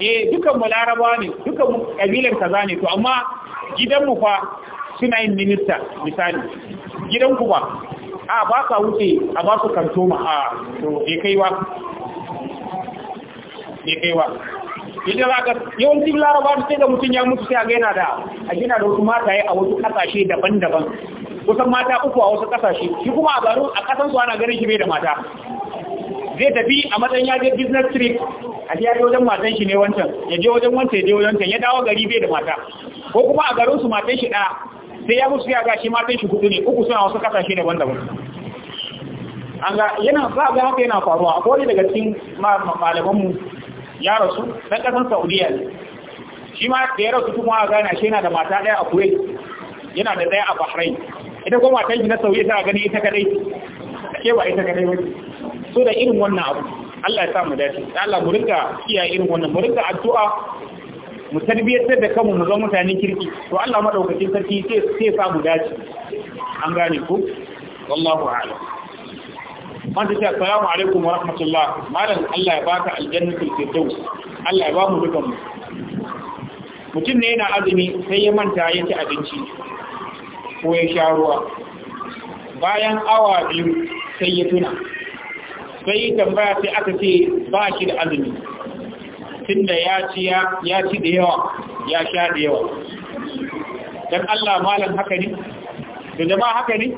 eh dukan mu larabawa ne dukan mu kabilar kaza ne to amma gidan mu fa suna yin minista misali gidan ku ba a ba ka wuce a ba su ma a to kaiwa ya kaiwa idan za ka yawancin laraba sai da mutum ya mutu sai a gaina da a gina da wasu mataye a wasu kasashe daban-daban kusan mata uku a wasu kasashe shi kuma a garin a kasan su ana garin shi bai da mata zai tafi a matsayin ya je business trip a ya je wajen matan shi ne wancan ya je wajen wancan ya je wajen wancan ya dawo gari bai da mata ko kuma a garin su matan shi ɗaya sai ya musu ya gashi matan shi kudu ne uku suna wasu kasashe daban-daban an ga yana za ga haka yana faruwa akwai wani daga cikin malamanmu ya rasu ɗan ƙasar saudiya ne shi ma da ya rasu kuma a gana shi yana da mata ɗaya a kuwait yana da ɗaya a bahrain ita kuma matan shi na saudiya ta gani ita kadai ke ba ita kadai wani so da irin wannan abu Allah ya sa mu dace Allah mu rinka kiyaye irin wannan mu rinka addu'a mu tarbiyyar da kanmu mu zama mutanen kirki to Allah madaukakin sarki sai sai fa mu dace an gane ku wallahu a'lam wanda ce assalamu alaikum wa rahmatullah malam Allah ya baka aljannatu firdaus Allah ya ba mu dukan mu mutum ne yana azumi sai ya manta ya ci abinci ko ya sha ruwa bayan awa biyu sai ya tuna sai tambaya sai aka ce ba shi da azumi lokacin da ya ci ya ci da yawa ya sha da yawa dan Allah malam haka ne da jama'a haka ne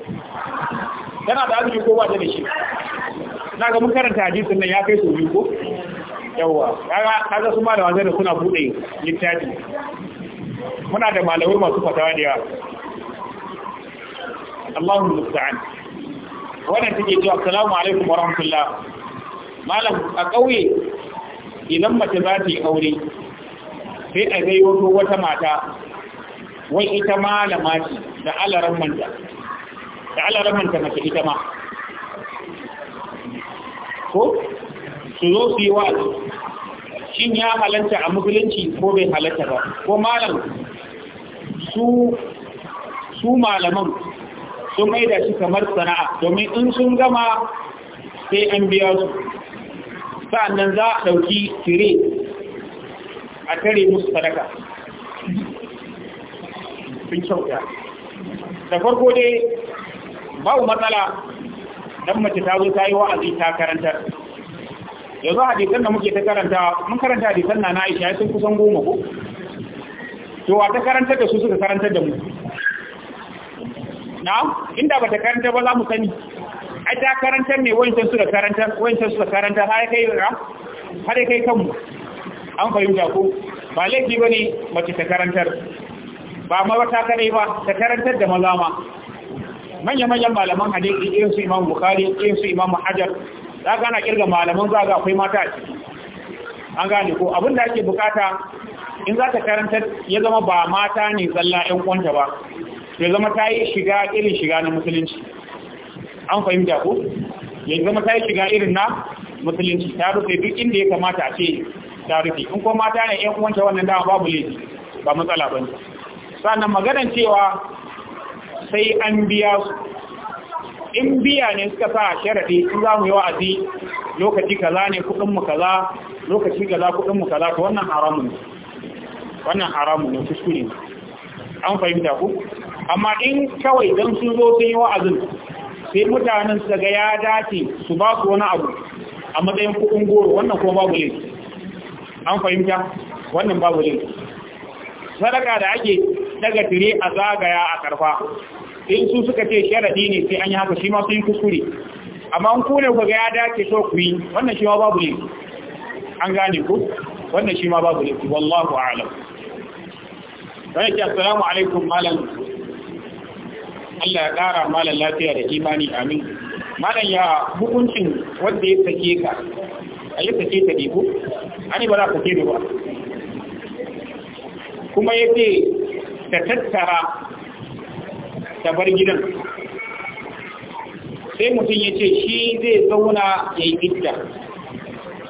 tana da azumi ko ba da shi na ga mun karanta hadisin nan ya kai su biyu ko yawa kaga kaga su malama zai da suna bude littafi muna da malamai masu fatawa da yawa Allahu musta'an wannan take cewa assalamu alaikum wa rahmatullah malam a kauye idan mace za ta yi aure sai a wato wata mata wai ita malama mace da alaran manta da alaran manta mace ita ma ko su zo su yi wa shin ya halatta a musulunci ko bai halatta ba ko malam su su malaman sun da shi kamar sana'a domin in sun gama sai an biya su sa'annan za a ɗauki tire a tare musu sadaka sun kyauta da farko dai babu matsala don mace ta zo ta yi wa'azi ta karantar yanzu hadisan da muke ta karanta mun karanta hadisan na na aisha sun kusan goma ko to wa ta karantar da su suka karantar da mu na inda ba ta karanta ba za mu sani ai ta karantar ne wancan suka karantar wancan suka karantar har kai har kai kanmu an fahimta ko ba laifi bane mace ta karantar ba ma wata kare ba ta karantar da maza ma manya-manyan malaman hadisi irin su Imam Bukhari irin su Imam Hajar za ka na kirga malaman za ga akwai mata a ciki an gane ko abin da ake bukata in za ta karantar ya zama ba mata ne zalla ƴan kwanta ba ya zama ta yi shiga irin shiga na musulunci an fahimta ko Yanzu zama sai shiga irin na musulunci ta rufe duk inda ya kamata a ce ta rufe in ko mata ne yan uwanta wannan dama babu laifi ba matsala ba sannan maganar cewa sai an biya su in biya ne suka sa a sharaɗi in za mu yi wa'azi lokaci kaza ne kuɗin mu kaza lokaci kaza kuɗin mu kaza to wannan haramun wannan haramun ne kuskure an fahimta ku amma in kawai don sun zo sun yi wa'azin sai mutanen su ga ya dace su ba su wani abu a matsayin kuɗin goro wannan kuma babu laifi an fahimta wannan babu laifi sadaka da ake daga tire a zagaya a karfa in su suka ce sharadi ne sai an yi haka shi ma sun kuskure amma an kone ku ga ya dace so ku yi wannan shi ma babu laifi an gane ku wannan shi ma babu laifi wallahu a'lam sai assalamu alaikum malam Allah ya ƙara malam lafiya da imani amin malam ya hukuncin wanda ya sake ka a yi sake ta ne An yi ba za ka ba kuma ya ce ta tattara ta bar gidan sai mutum ya ce shi zai zauna ya yi idda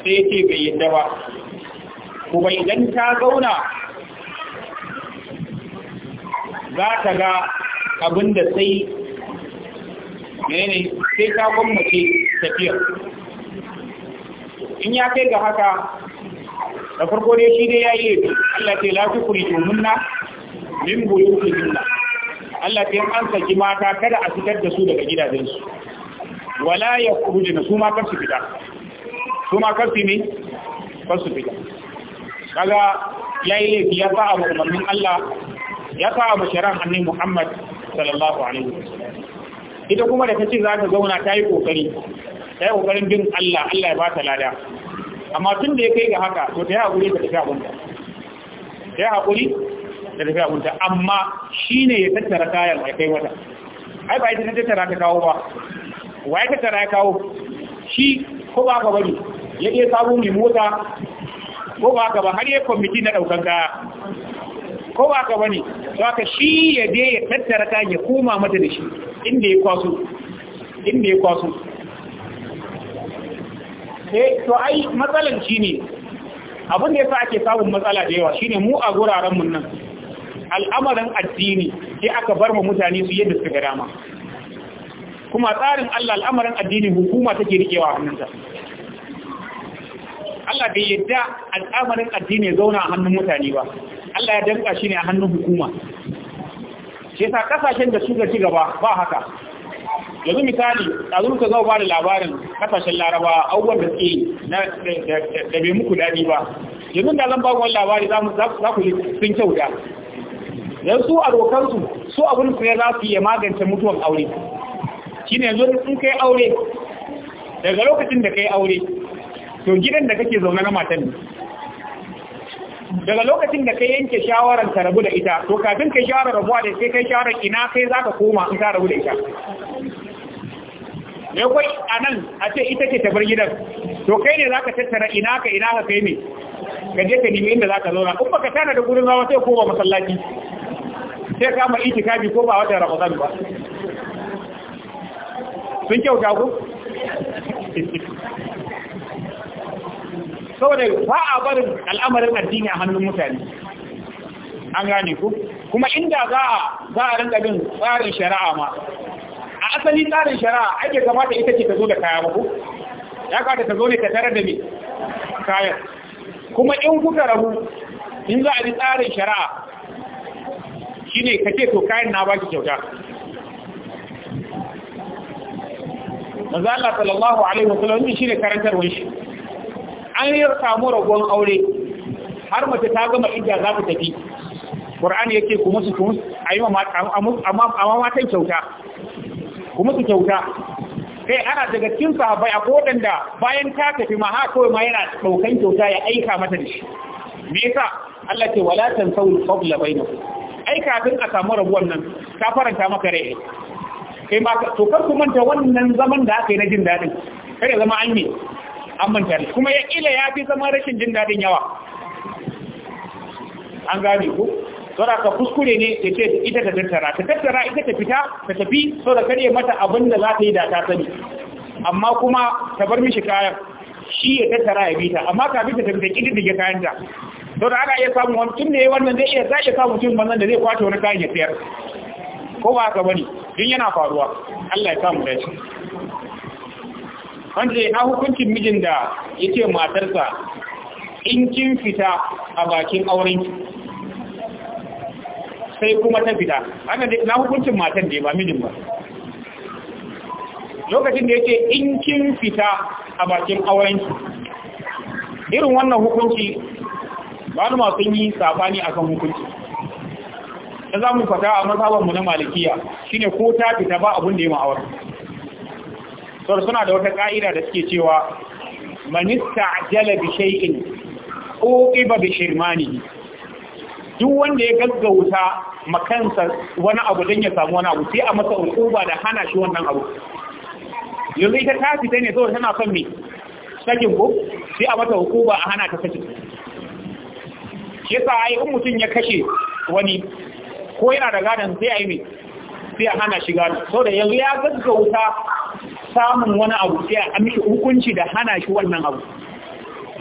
sai ya ce bai yadda ba kuma idan ta zauna za ta ga abinda sai ne sai ta gwammace tafiyar in ya kai ga haka da farko dai shi dai ya yi laifi Allah ce lafi kuri tumunna min buyu tumunna Allah ce an saki mata kada a fitar da su daga gidajensu wala ya na su makar kar su fita su makar kar su ne kar su fita kaga ya yi laifi ya sa a umarnin Allah ya sa abu shari'ar hannun Muhammad sallallahu alaihi wasallam ita kuma da kace za ta zauna ta yi kokari ta yi kokarin bin Allah Allah ya ba ta lada amma tun da ya kai ga haka to ta yi hakuri ta tafi abunta ta yi hakuri ta tafi abunta amma shine ya tattara kayan mai kai wata ai ba ita ta tattara ta kawo ba waye ta tattara ya kawo shi ko ba ka bari ya iya sabon mai mota ko ba ka ba har ya kwamiti na daukan kaya ko ba ka bane to haka shi ya je ya tattara ta ya koma mata da shi inda ya kwaso inda ya kwaso eh to ai matsalan shi ne. abin da yasa ake samun matsala da yawa shine mu a guraren mun nan al'amarin addini sai aka bar mu mutane su yadda suka ga dama kuma tsarin Allah al'amarin addini hukuma take rikewa hannunta Allah bai yadda al'amarin addini ya zauna a hannun mutane ba Allah ya danka shi ne a hannun hukuma shi yasa kasashen da suka ci gaba ba haka yanzu misali a zuwa ka zama ba da labarin kasashen laraba abubuwan da suke da bai muku daɗi ba yanzu da zan ba wani labari za ku yi sun kyauta don su abokansu su abin su ne za su iya magance mutuwar aure shi ne yanzu in kai aure daga lokacin da kai aure to gidan da kake zaune na matan ne daga lokacin da kai yanke shawarar ka rabu da ita to kafin kai shawarar rabuwa da sai kai shawarar ina kai zaka koma in ka rabu da ita ne kai anan a ce ita ce ta bar gidan to kai ne zaka tattara ina ka ina ka kai ne ka je ka nemi inda zaka zauna kuma ka tana da gurin zama sai koma masallaci sai ka ma itikafi ko ba wata Ramadan ba sun kyauta ku saboda ba a barin al'amarin addini a hannun mutane an gane ku kuma inda za a za a rinka bin tsarin shari'a ma a asali tsarin shari'a ake kamata ita ce ta zo da kaya ba ku ya kamata ta zo ne ta tare da me kayan kuma in kuka rabu in za a bi tsarin shari'a shine ce to kayan na baki kyauta manzo Allah sallallahu alaihi wasallam shine wani shi an yi samu ragon aure har mace ta gama inda za ta tafi Qur'an yake ku musu ku ayi amma matan kyauta kuma su kyauta kai eh, ana daga cikin sahabbai a kodan da bayan ta tafi ma ha kawai ma yana daukan kyauta ya aika mata da shi me yasa Allah ce wala tansawul fadla bainu ai kafin a samu rabuwan nan ka faranta maka rai kai ba to kar ku manta wannan zaman da aka yi na jin dadin kare zama an yi an manta da kuma ya ila ya fi zama rashin jin dadin yawa an gane ku saboda ka kuskure ne ya ce ita ta tattara ta tattara ita ta fita ta tafi saboda kare mata abin da za ta yi da ta sani amma kuma ta bar mishi kayan shi ya tattara ya bita amma kafin ta fita ta kididdige kayan ta ana iya samun wani tun ne wannan zai iya zai samun cin wannan da zai kwace wani kayan ya sayar ko ba ka bani don yana faruwa Allah ya samu dace wanda na hukuncin mijin da ya ce matarsa in kin fita a bakin auren sai kuma ta fita haka dai na hukuncin matan da ya ba mijin ba lokacin da ya ce in kin fita a bakin auren irin wannan hukunci ba masu yi sabani akan hukunci Ta za mu fata a mazabanmu na malikiya shine ko ta fita ba abin da ya ma'awar so suna da wata ka'ida da suke cewa manista ajala bi shay'in uqiba bi shirmanihi duk wanda ya gaggauta makansa wani abu don ya samu wani abu sai a masa hukuba da hana shi wannan abu yanzu ita ta fita ne saboda tana son mai sakin ko sai a mata hukuba a hana ta sakin shi yasa ai in mutum ya kashe wani ko yana da gadon sai a yi mai. sai a hana shiga so da yanzu ya gaggauta samun wani abu sai a mishi hukunci da hana shi wannan abu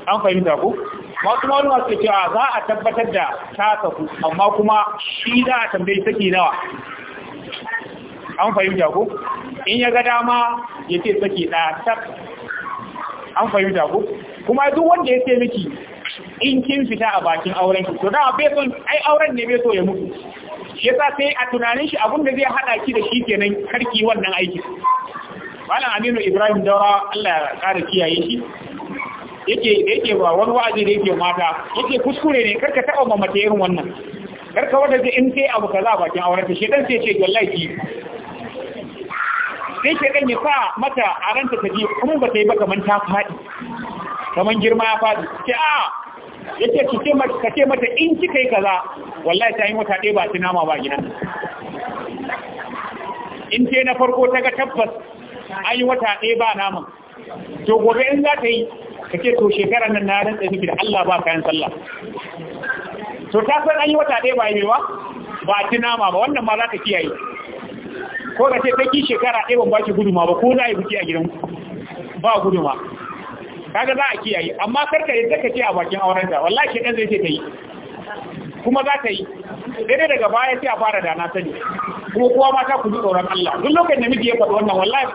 an fahimta ku masu malama su cewa za a tabbatar da ta saku amma kuma shi za a tambayi saki nawa an fahimta ku in ya ga dama ya ce saki ɗaya tak an fahimta ku kuma duk wanda ya ce miki in kin fita a bakin auren ki to da bai son ai auren ne bai so ya mutu ya sa sai a tunanin shi abin da zai hada ki da shi kenan karki wannan aiki malam aminu ibrahim daura Allah ya kara kiyaye shi yake yake ba wani wa'azi da yake mata yake kuskure ne karka taba ma mata irin wannan karka wanda zai in sai abu kaza bakin auren ta shedan sai ce wallahi sai ke ya sa mata a ranta ta ji kuma ba ta yi ba kamar ta fadi kaman girma ya fadi ce a yake ki ce mata ka ce mata in kika yi kaza wallahi ta yi mata ɗaya ba ci nama ba gidan in ce na farko ta ga tabbas an yi wata ɗaya ba naman to gobe in za ta yi ka ce to shekarar nan na rantsa miki da Allah ba kayan sallah to ta san an yi wata ɗaya ba yi ba ba ci nama ba wannan ma za ta kiyaye ko ka ce ta ki shekara ɗaya ban ba ki guduma ba ko za a yi buki a gidan ba guduma kaga za a kiyaye amma karka yadda ka ce a bakin ta wallahi shekan zai ce ta yi kuma za ta yi daidai daga baya sai a fara da na sani kuma kowa mata ku ji tsoron Allah duk lokacin da miji ya faɗi wannan wallahi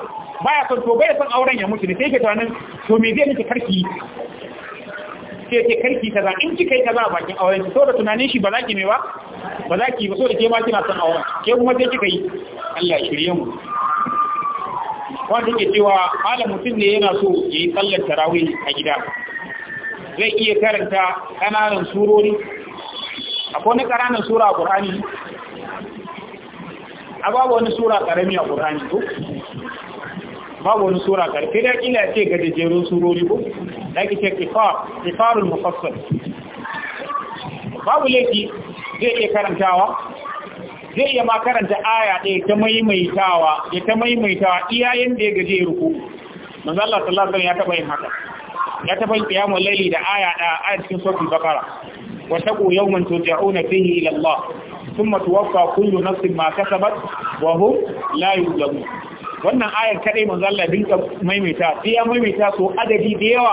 baya son to bai son auren ya mutu ne sai ke tunanin to me zai miki karki sai ke karki kaza in ki kai kaza bakin auren ki saboda tunanin shi ba za ki me ba ba za ki ba saboda ke ma kina son auren ke kuma sai kika yi Allah shirye mu wanda ke cewa malam mutum ne yana so ya yi sallar tarawih a gida zai iya karanta kananan surori akwai wani sura a ƙur'ani a babu wani sura ƙarami a ƙur'ani ko babu wani sura ƙarfi da ƙila ce ga gajerun surori ko da ake ce ƙifarun mufassar babu laifi zai iya karantawa zai iya ma karanta aya ɗaya ta maimaitawa ya ta maimaitawa iyayen da ya gaje ruku manzo Allah sallallahu alaihi ya taɓa yin haka ya taɓa yin qiyamul layli da aya ɗaya a cikin suratul baqara وتقوا يوما ترجعون فيه إلى الله ثم توفى كل نفس ما كسبت وهم لا يظلمون wannan ayar kadai manzo Allah ka maimaita sai ya maimaita so adadi da yawa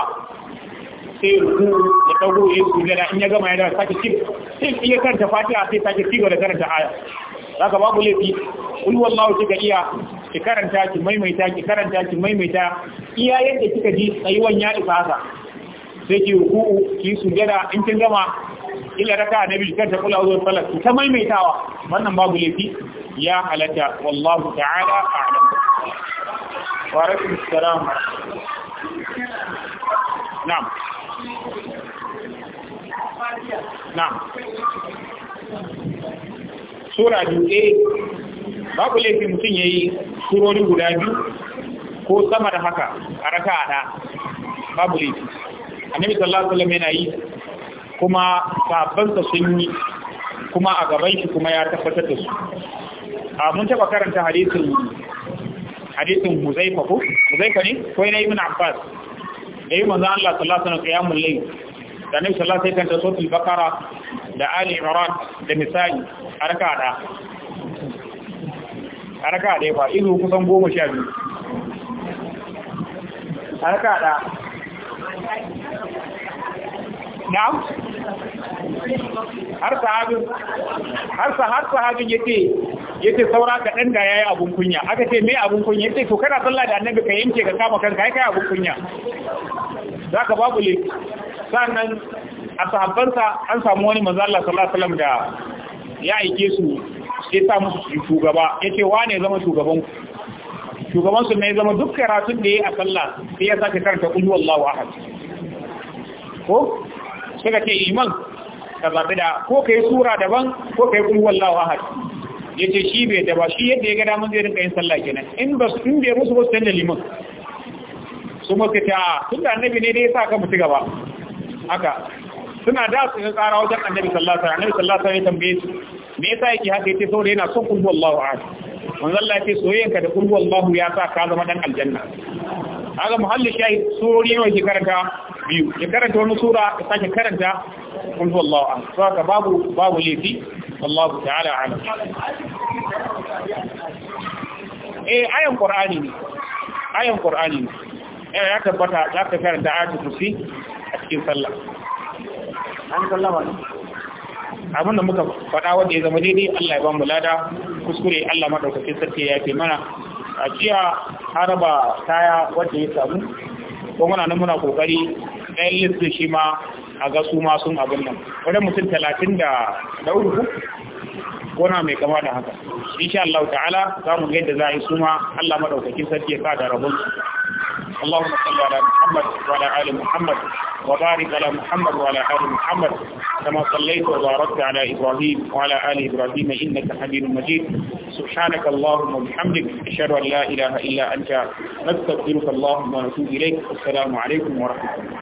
sai ku da dago ya kujera in ya gama ya dawo sake cik sai iya karanta fatiha sai sake cigaba da karanta aya zaka babu laifi kul wallahu kika iya ki karanta ki maimaita ki karanta ki maimaita iya yadda kika ji tsayuwan ya isa haka sai ki ku ki gara in kin gama illa raka na biyu ta kula zuwa salat ta maimaitawa wannan babu laifi ya halatta wallahu ta'ala a'lam wa alaikum assalam na'am na'am sura dutse babu laifi mutum ya yi surori guda biyu ko sama da haka a raka'a babu laifi annabi sallallahu alaihi wasallam yana yi kuma sabansa sun yi kuma a gaban shi kuma ya tabbatar da su a mun taba karanta hadisin hadisin muzaifa ko muzaifa ne ko ina ibn Abbas da yi manzo Allah sallallahu alaihi wasallam qiyamul layl da nabi sallallahu alaihi wasallam suratul baqara da ali imran da misali harka da harka da kusan izu kusan 12 harka da na'am har sahabin har har sahabin yake yake saura ga dan da yayi abun kunya aka ce me abun kunya yace to kana sallah da annabi ka yanke ka kama kanka kai kai abun kunya zaka babu le sannan a sahabbansa an samu wani manzo Allah sallallahu alaihi wasallam da ya aike su sai sa musu shugaba yake wane zama shugaban ku shugaban su ne zama duk ratun da yayi a sallah sai ya sake karanta kullu huwallahu ahad ko sai ka ce iman ka da ko kai sura daban ko kai kulhu wallahu ahad yace shi bai da ba shi yadda ya gada mun zai rinka yin sallah kenan in ba sun bai musu wasu da liman su muka ta tun da annabi ne da ya sa ka mutu gaba haka suna da su ga tsara wajen annabi sallallahu alaihi wasallam annabi sallallahu alaihi wasallam ya tambaye su me yasa yake haka yace saboda yana son kulhu wallahu ahad manzo Allah ya ce soyayyanka da kulhu wallahu ya sa ka zama dan aljanna haka muhalli shayi, suri nawa ke karanta biyu ya karanta wani sura ya sake karanta kun zuwa Allah a so haka babu babu laifi Allah ta'ala alam eh ayan ƙor'ani ne ayan ƙor'ani ne eh ya tabbata za ka karanta ta kusi a cikin sallah an ba ne abinda muka faɗa wadda ya zama daidai Allah ya ba mu lada kuskure Allah madaukakin sarki ya yafe mana a jiya araba taya kaya wadda ya samu ko muna nan muna kokari ɗayan listin shi ma a ga su ma sun abin nan wani mutum talatin da ɗauru gona mai kama da haka insha Allah ta'ala za mu ga yadda za a yi su ma Allah madaukakin sarki ya sa da rabon اللهم صل على محمد وعلى آل محمد وبارك على محمد وعلى آل محمد كما صليت وباركت على إبراهيم وعلى آل إبراهيم إنك حميد مجيد سبحانك اللهم وبحمدك أشهد أن لا إله إلا أنت نستغفرك اللهم ونتوب إليك والسلام عليكم ورحمة الله